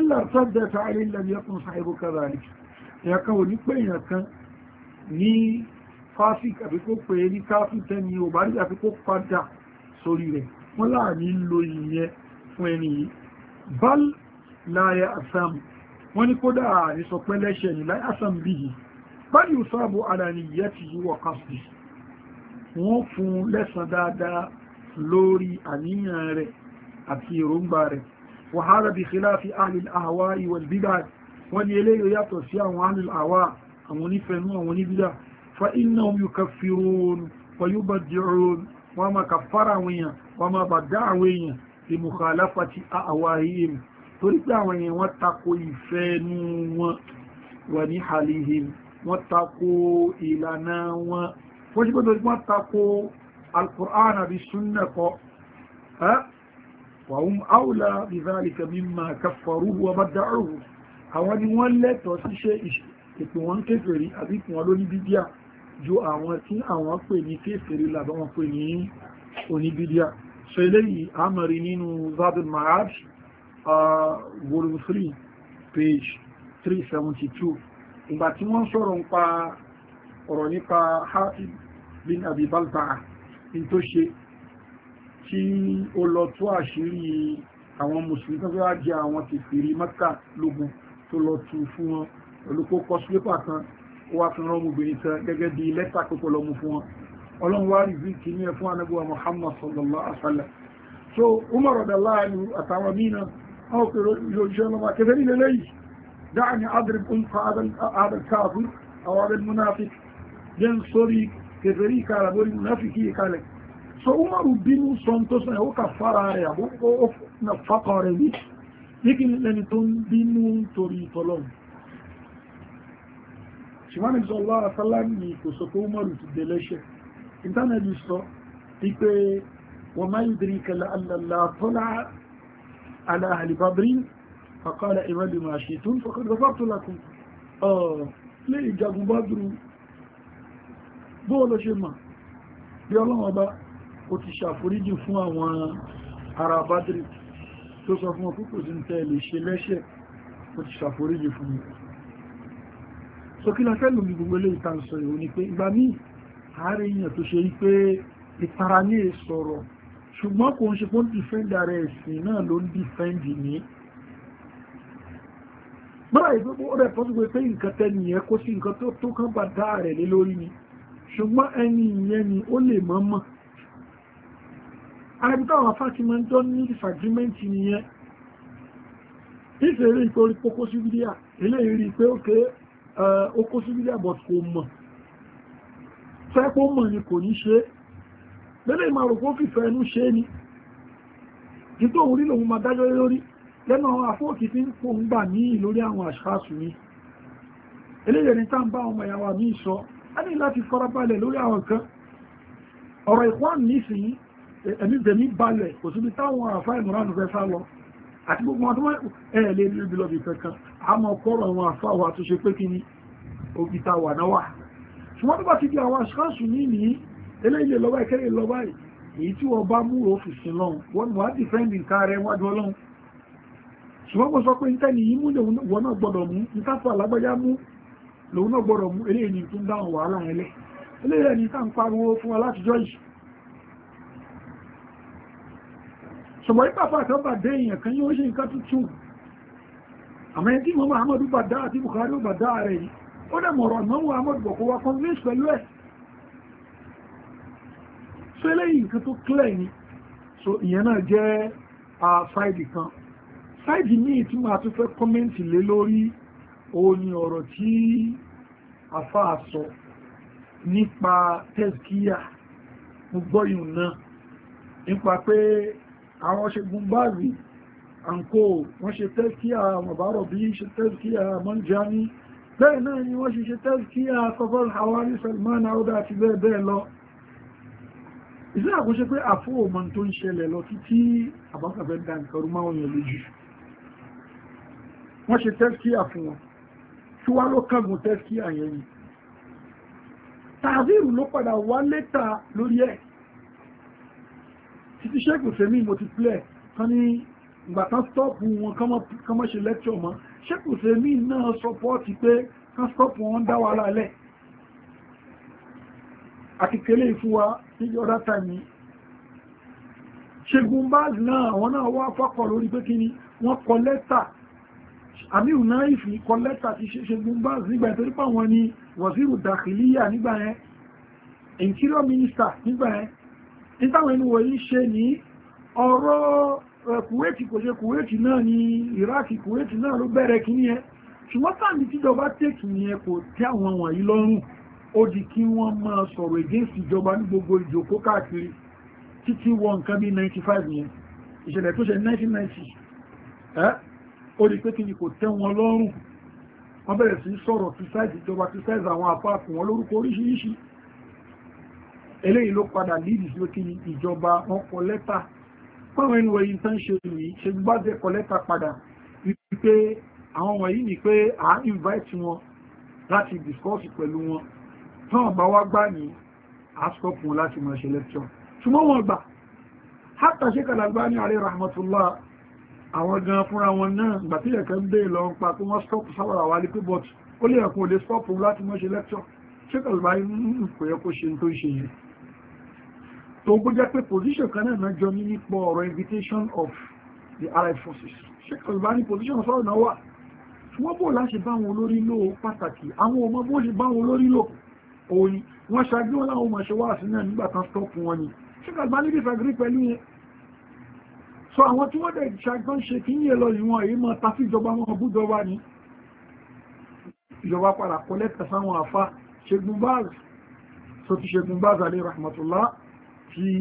ilẹ̀ sọ́dẹ̀ sáré ilẹ̀ yẹkùn sáìbò kára rẹ̀ èèyàn kan ò ní pé èèyàn kan ní fáfíkì àbí kó pè é ní káfí tẹ́ni ò bá rí àfi kó padà sórí rẹ̀ wọ́n láàrin lo ìyẹn fún ẹni yìí bal láyé asam wọ́n ní kódà àrí sọ pé lẹ́ṣẹ̀ ní láyé asam bí yìí bal yóò sáàbò ara ni ìyẹ́ ti yíwọ̀ káfí wọ́n fún lẹ́san dáadáa lórí àníyàn rẹ̀ àti èròǹgbà rẹ̀ وهذا بخلاف أهل الأهواء والبدع وليلي يتوسيع عن الأهواء أموني فنو أموني بدع فإنهم يكفرون ويبدعون وما كفر وين وما بدع وين لمخالفة أهوائهم تريد وين واتقوا فنو ونحلهم واتقوا إلنا وجب أن واتقوا القرآن بالسنة ها wàhùn áwùlà ìzáàlìkà mímà kàfàrú wọ́n bá dáàrù àwọn ni wọ́n lẹ́tọ̀ọ́ síṣẹ́ ìpè wọn kéfèrí àbí ìpè wọn lóní bídíà ju àwọn tí àwọn pè ní kéfèrí làbáwọn pè ní oníbídíà so eléyìí àmàrí nínú zadul ma'ad uh, volume 3 page 372 ìgbà tí wọ́n sọ̀rọ̀ nípa ọ̀rọ̀ nípa hatib bin abi balta'a in tó ṣe tí ó lọ tó àṣírí àwọn mùsùlùmí tó fẹ́ jẹ àwọn kèfèrí Mẹ́kà lógún tó lọ tú fún wọn olùkó kọsílépà kan ó wá fún ọmọbìnrin kan gẹ́gẹ́ bí lẹ́tà kókó lọ́mú fún wọn ọlọ́run wá rí zikí ní ẹ̀fún anábíwá Muhammad sallallahu alaihi wasallam so Umar radallahu anhu àtàwọn mìíràn àwọn òkèrè olùṣẹ́ ọlọ́mọ akẹ́fẹ́ nílé lẹ́yìn دعني أضرب أنف هذا الكافر أو هذا المنافق جن صوري كفري كالبوري منافقي كالك so umaru bínú sọ́n tó sọ ẹ̀wọ́ kà fara rẹ̀ àbúkọ́ fàkọ̀ rẹ̀ wí nígbì lẹ́ni tó ń bínú torí tọ́lọ́run ṣìmánì sọ lọ́wọ́ àtàlá ní kò sọ pé umaru ti dé lẹ́ṣẹ̀ ìntánẹ́ẹ̀tì sọ pípé wọ́n máa yìí kẹlẹ̀ alàlá tọ́lá على أهل بدر فقال إبادي ما شئتم فقد غفرت لكم آه ليه جاكم بدر بولا شما بيالله أبا ó ti ṣàforíjì fún àwọn ará Badri tó sọ fún ọkùnkùn sí tẹ́ lè ṣe lẹ́ṣẹ̀ ó ti ṣàforíjì fún mi so kí lọ́fẹ́ lómi gbogbo lè ta sọ ìwò ni pé ìgbà míì ààrẹ èèyàn tó ṣe pé ìtara ní ìsọ̀rọ̀ ṣùgbọ́n kò ń ṣe pé ó ń dìfẹ́ndà ẹ̀sìn náà ló ń dìfẹ́ndì ní mọ́ra ìgbogbo rẹ̀ pọ́sùgbé pé nǹkan tẹ́ni yẹn kó sí nǹkan tó kán bá dá rẹ̀ lé lórí ni ṣùgbọ́n ẹni ìyẹn ni ó lè mọ́ mọ́ àbí táwọn afáàkì máa ń jọ ní disagreement nìyẹn ìfẹ́ rí pé orí kókó sí bídíà eléyìí pé sí bídíà but kò mọ̀ fẹ́ kó mọ̀ ni kò ní ṣe lẹ́lẹ́ ẹnu ṣe ni kí tó ma lòun máa dájọ́ lórí lẹ́nu àwọn afọ́ọ̀kì tí ń kó ń gbà míì àwọn ni eléyìí ẹni tá ń bá ọmọ ìyàwó mi sọ a lórí àwọn ọ̀rọ̀ ẹ̀mí tẹ̀mí balẹ̀ kò síbi táwọn àfá ìmọ̀ránù fẹ́ sá lọ àti gbogbo wọn tó wọ́n ẹ̀ lè rí ibi lọ́bì kankan a mọ̀ kọ́rọ̀ àwọn àfá wa tó ṣe pé kí ni òkìta wà náà wà ṣùgbọ́n tó bá ti di àwọn aṣáṣù ní ní eléyìí lọ́wọ́ ìkẹ́yẹ lọ́wọ́ èyí tí wọ́n bá mú òfìsìn lọ́hùn wọ́n ni tó ń dáhùn wàhálà ni tá ń pariwo ṣùgbọ́n ipa fàtọ́ bà dé èèyàn kan yóò ṣe nǹkan tuntun àmọ́ ẹni tí mọ́ Muhammadu bà dá àti Bukhari bà dá rẹ̀ yìí ó dẹ̀ mọ̀rọ̀ mọ́ Muhammadu bọ̀ kó wa convince pẹ̀lú ẹ̀ ṣé lẹ́yìn nǹkan tó clear ni so ìyẹn náà jẹ́ a side kan side míì tí màá tún fẹ́ kọ́mẹ́ǹtì lé lórí òun ni ọ̀rọ̀ tí afa sọ nípa tẹ́síkíyà mo gbọ́ ìhùn náà nípa pé àwọn ṣe gúnbáàrí àǹkó wọ́n ṣe tẹ́kíà mọ̀bárọ̀ bí ṣe tẹ́kíà mọ́njáni bẹ́ẹ̀ náà ni wọ́n ṣe ṣe tẹ́kíà kọfọ́l hawari salman auda àti bẹ́ẹ̀ bẹ́ẹ̀ lọ ìsẹ́ àkóṣe pé àfóòmọ́ tó ń ṣẹlẹ̀ lọ títí àbákàfẹ́ dá nǹkan rú máwọn èèyàn lójú wọ́n tààzírù ló padà wá létà lórí ẹ̀ títí ṣẹ́kù fèmí mo ti plẹ̀ kan ní ìgbà kan stọ́ọ̀pù wọn kán mọ́ ṣe lẹ́kṣọ̀ mọ́ ṣẹ́kù fèmí náà sọpọ́ọ̀tì pé kan stọ́ọ̀pù wọn dá wa lálẹ́ àkìkélé ìfún wa níjọ́ tàìmì ṣegun báàgì náà àwọn náà wá fọ́kọ̀ lórí pé kí ni wọ́n kọ lẹ́tà àmìhù náà ìfì kọ lẹ́tà ti ṣegun báàgì nígbà ìtorí pàwọn ni waziri dàkìlíyà nígbà yẹn interior minister nígbà yẹn nítàwọn inú wọ̀nyí ṣe ní ọ̀rọ̀ eh, kùwéètì kò ṣe kùwéètì náà ni iraq kùwéètì náà ló bẹ̀rẹ̀ kí ní ẹ ṣùgbọ́n tàbí tíjọba tèkì ní ẹ kò tẹ́ àwọn wọ̀nyí lọ́rùn ó di kí wọ́n máa sọ̀rọ̀ against ìjọba ní gbogbo ìjòkó káàkiri títí wọ nǹkan bí 95 yẹn ìṣẹ̀lẹ̀ tó ṣe 1990 ẹ́ eh, ó di pé kí ni kò tẹ́ wọn lọ́rùn wọ́n bẹ̀rẹ̀ sí sọ̀rọ̀ criticize ìjọba criticize àwọn apá àpò wọn lórúkọ oríṣiríṣi eléyìí ló padà lídì sí òkè ìjọba wọn kọ lẹ́tà pẹ́wọ́n ẹnu wẹ̀yìn tán ṣe yìí ṣe gbájẹ́ kọ lẹ́tà padà wípé àwọn wọ̀nyí ni pé à ń invite wọn láti discourse pẹ̀lú wọn tán ọ̀bá wá gbà ní ascopun láti mọ̀ ṣe lecture ṣùgbọ́n wọn gbà hátà ṣe kàlàgbá ní ààrẹ rahmatullah àwọn gan fúnra wọn náà gbà tí ẹ̀kẹ́ ń dé lọ ń pa pé wọ́n stop sáwàrà wa lé pé but ó lè ẹ̀kún ò lè stop láti mọ̀ ṣe lecture ṣe kàlàgbá ń kò yẹ kó ṣe tó ṣe yẹn tó ń gbójá pé position kan náà jọ ní nípa ọ̀rọ̀ invitation of the allied forces sheikh albani position sọ̀rọ̀ náà wà wọ́n bò láṣẹ bá wọn olórí lò pàtàkì àwọn ọmọ bó ṣe bá wọn olórí lò òní wọ́n ṣáájú wọn láwọn ọmọ ṣe wá sí náà nígbà kan stọ́ọ̀kù wọn ni sheikh albani disagree pẹ̀lú yẹn so àwọn tí wọ́n dẹ̀ ṣàgbọ́n ṣe kí yẹ lọ ìwọ̀n èyí mọ́ ta síjọba wọn bújọba ní ìjọba padà kọ́lẹ́tẹ̀ sáwọn àfá ṣegun báàzì so ti ṣegun báàzì alẹ́ rahmatullah tí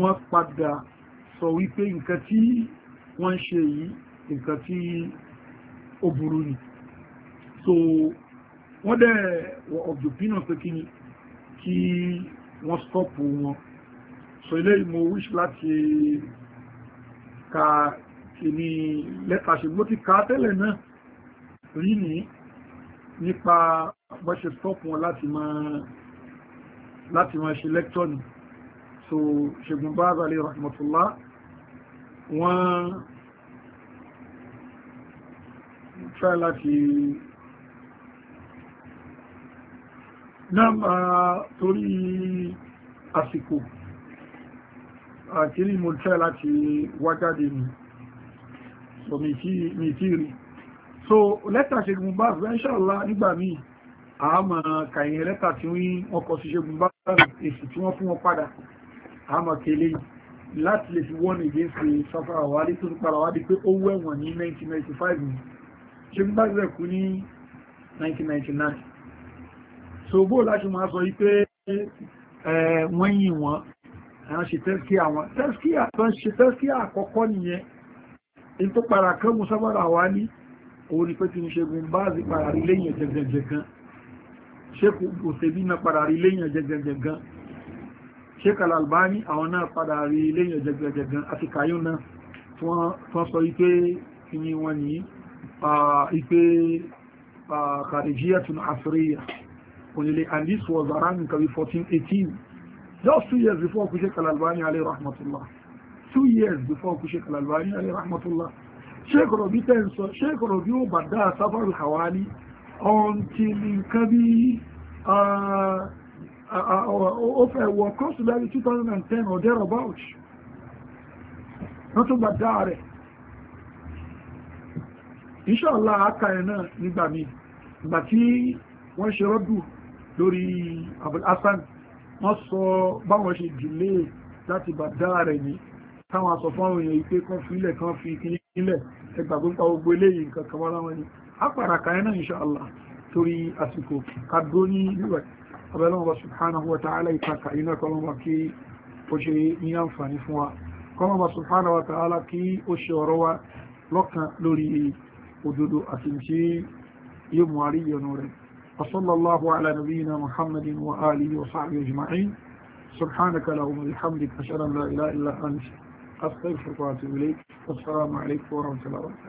wọ́n padà sọ wípé nǹkan tí wọ́n ń ṣe yìí nǹkan tí ó burú ni so wọ́n dẹ̀ wọ ọ̀dùpínà pé kí ni kí wọ́n stọ́pù wọn so ilé ìmọ̀ wish láti ka kìíní lẹ́ta ṣùgbọ́n ti ka tẹ́lẹ̀ náà rí ní nípa bọ́ṣe stọ́pù wọn láti máa ṣe lẹ́kṣọ́ ni so ṣegun bá balẹ̀ rahmatullah wọ́n try láti náà torí àsìkò àti ní mo try láti wájáde mi so mi tí rí so lẹ́tà ṣegun bá inshallah nígbà míì àmà kàyẹ̀ lẹ́tà tí wọ́n kọ sí ṣegun bá èsì tí wọ́n fún wọn padà àmọ̀kẹ́lẹ́ láti lè fi wọ́n ìgbésí sáfà àwárí tó ń para wá di pé ó wẹ̀wọ̀n ní 1995 ni ṣe ń bá ìrẹ̀kú ní 1999 so bó láti máa sọ wípé wọ́n yìn wọ́n àwọn ṣe tẹ́síkíà wọn tẹ́síkíà tó ń ṣe tẹ́síkíà àkọ́kọ́ nìyẹn in tó para kán mú sábàrà wá ní òun ni pé tí ń ṣe gun báàzì para rí lẹ́yìn jẹgẹjẹ gan ṣe kò tẹ̀bí na para rí lẹ́yìn jẹgẹjẹ gan Sheikh Al-Albani àwọn náà padà rí lẹ́yìn jẹgbẹ̀jẹ̀gan àti kayó náà tí wọ́n sọ ipé ìyìn wọn ní ipé kharijiyatun asriya onílé and this was around nǹkan bí 1418 just two years before kú Sheikh Al-Albani alayhi rahmatullah two years before kú Sheikh Al-Albani alayhi rahmatullah Sheikh Rabi tẹ́ǹsọ Sheikh Rabi ó bàdá sáfàrù hawali until nǹkan bí o close to like 2010 or thereabout wọ́n tún gbà dáa rẹ̀ ala aka ẹ̀ náà nígbà míì ìgbà tí wọ́n ṣe rọ́dù lórí abúlásán wọ́n sọ báwọn ṣe jùlé láti bà dáa rẹ̀ ní táwọn sọ fún àwọn èèyàn kan fi kan fi kí nílẹ̀ pa gbogbo eléyìí nǹkan kan wọ́n láwọn ni ẹ̀ náà torí abẹ́lọ́wọ́ bá subhanahu wa ta'ala ìtaka iná kọlọ́mà kí ó ṣe ní àǹfààní fún wa kọlọ́mà subhanahu wa ta'ala kí ó ṣe ọ̀rọ̀ wa lọ́kàn lórí òdodo àti tí yóò mú àrí yẹnu rẹ̀ وصلى الله على نبينا محمد وآله وصحبه أجمعين سبحانك اللهم وبحمدك أشهد أن لا إله إلا أنت أستغفرك وأتوب إليك والسلام عليكم ورحمة الله وبركاته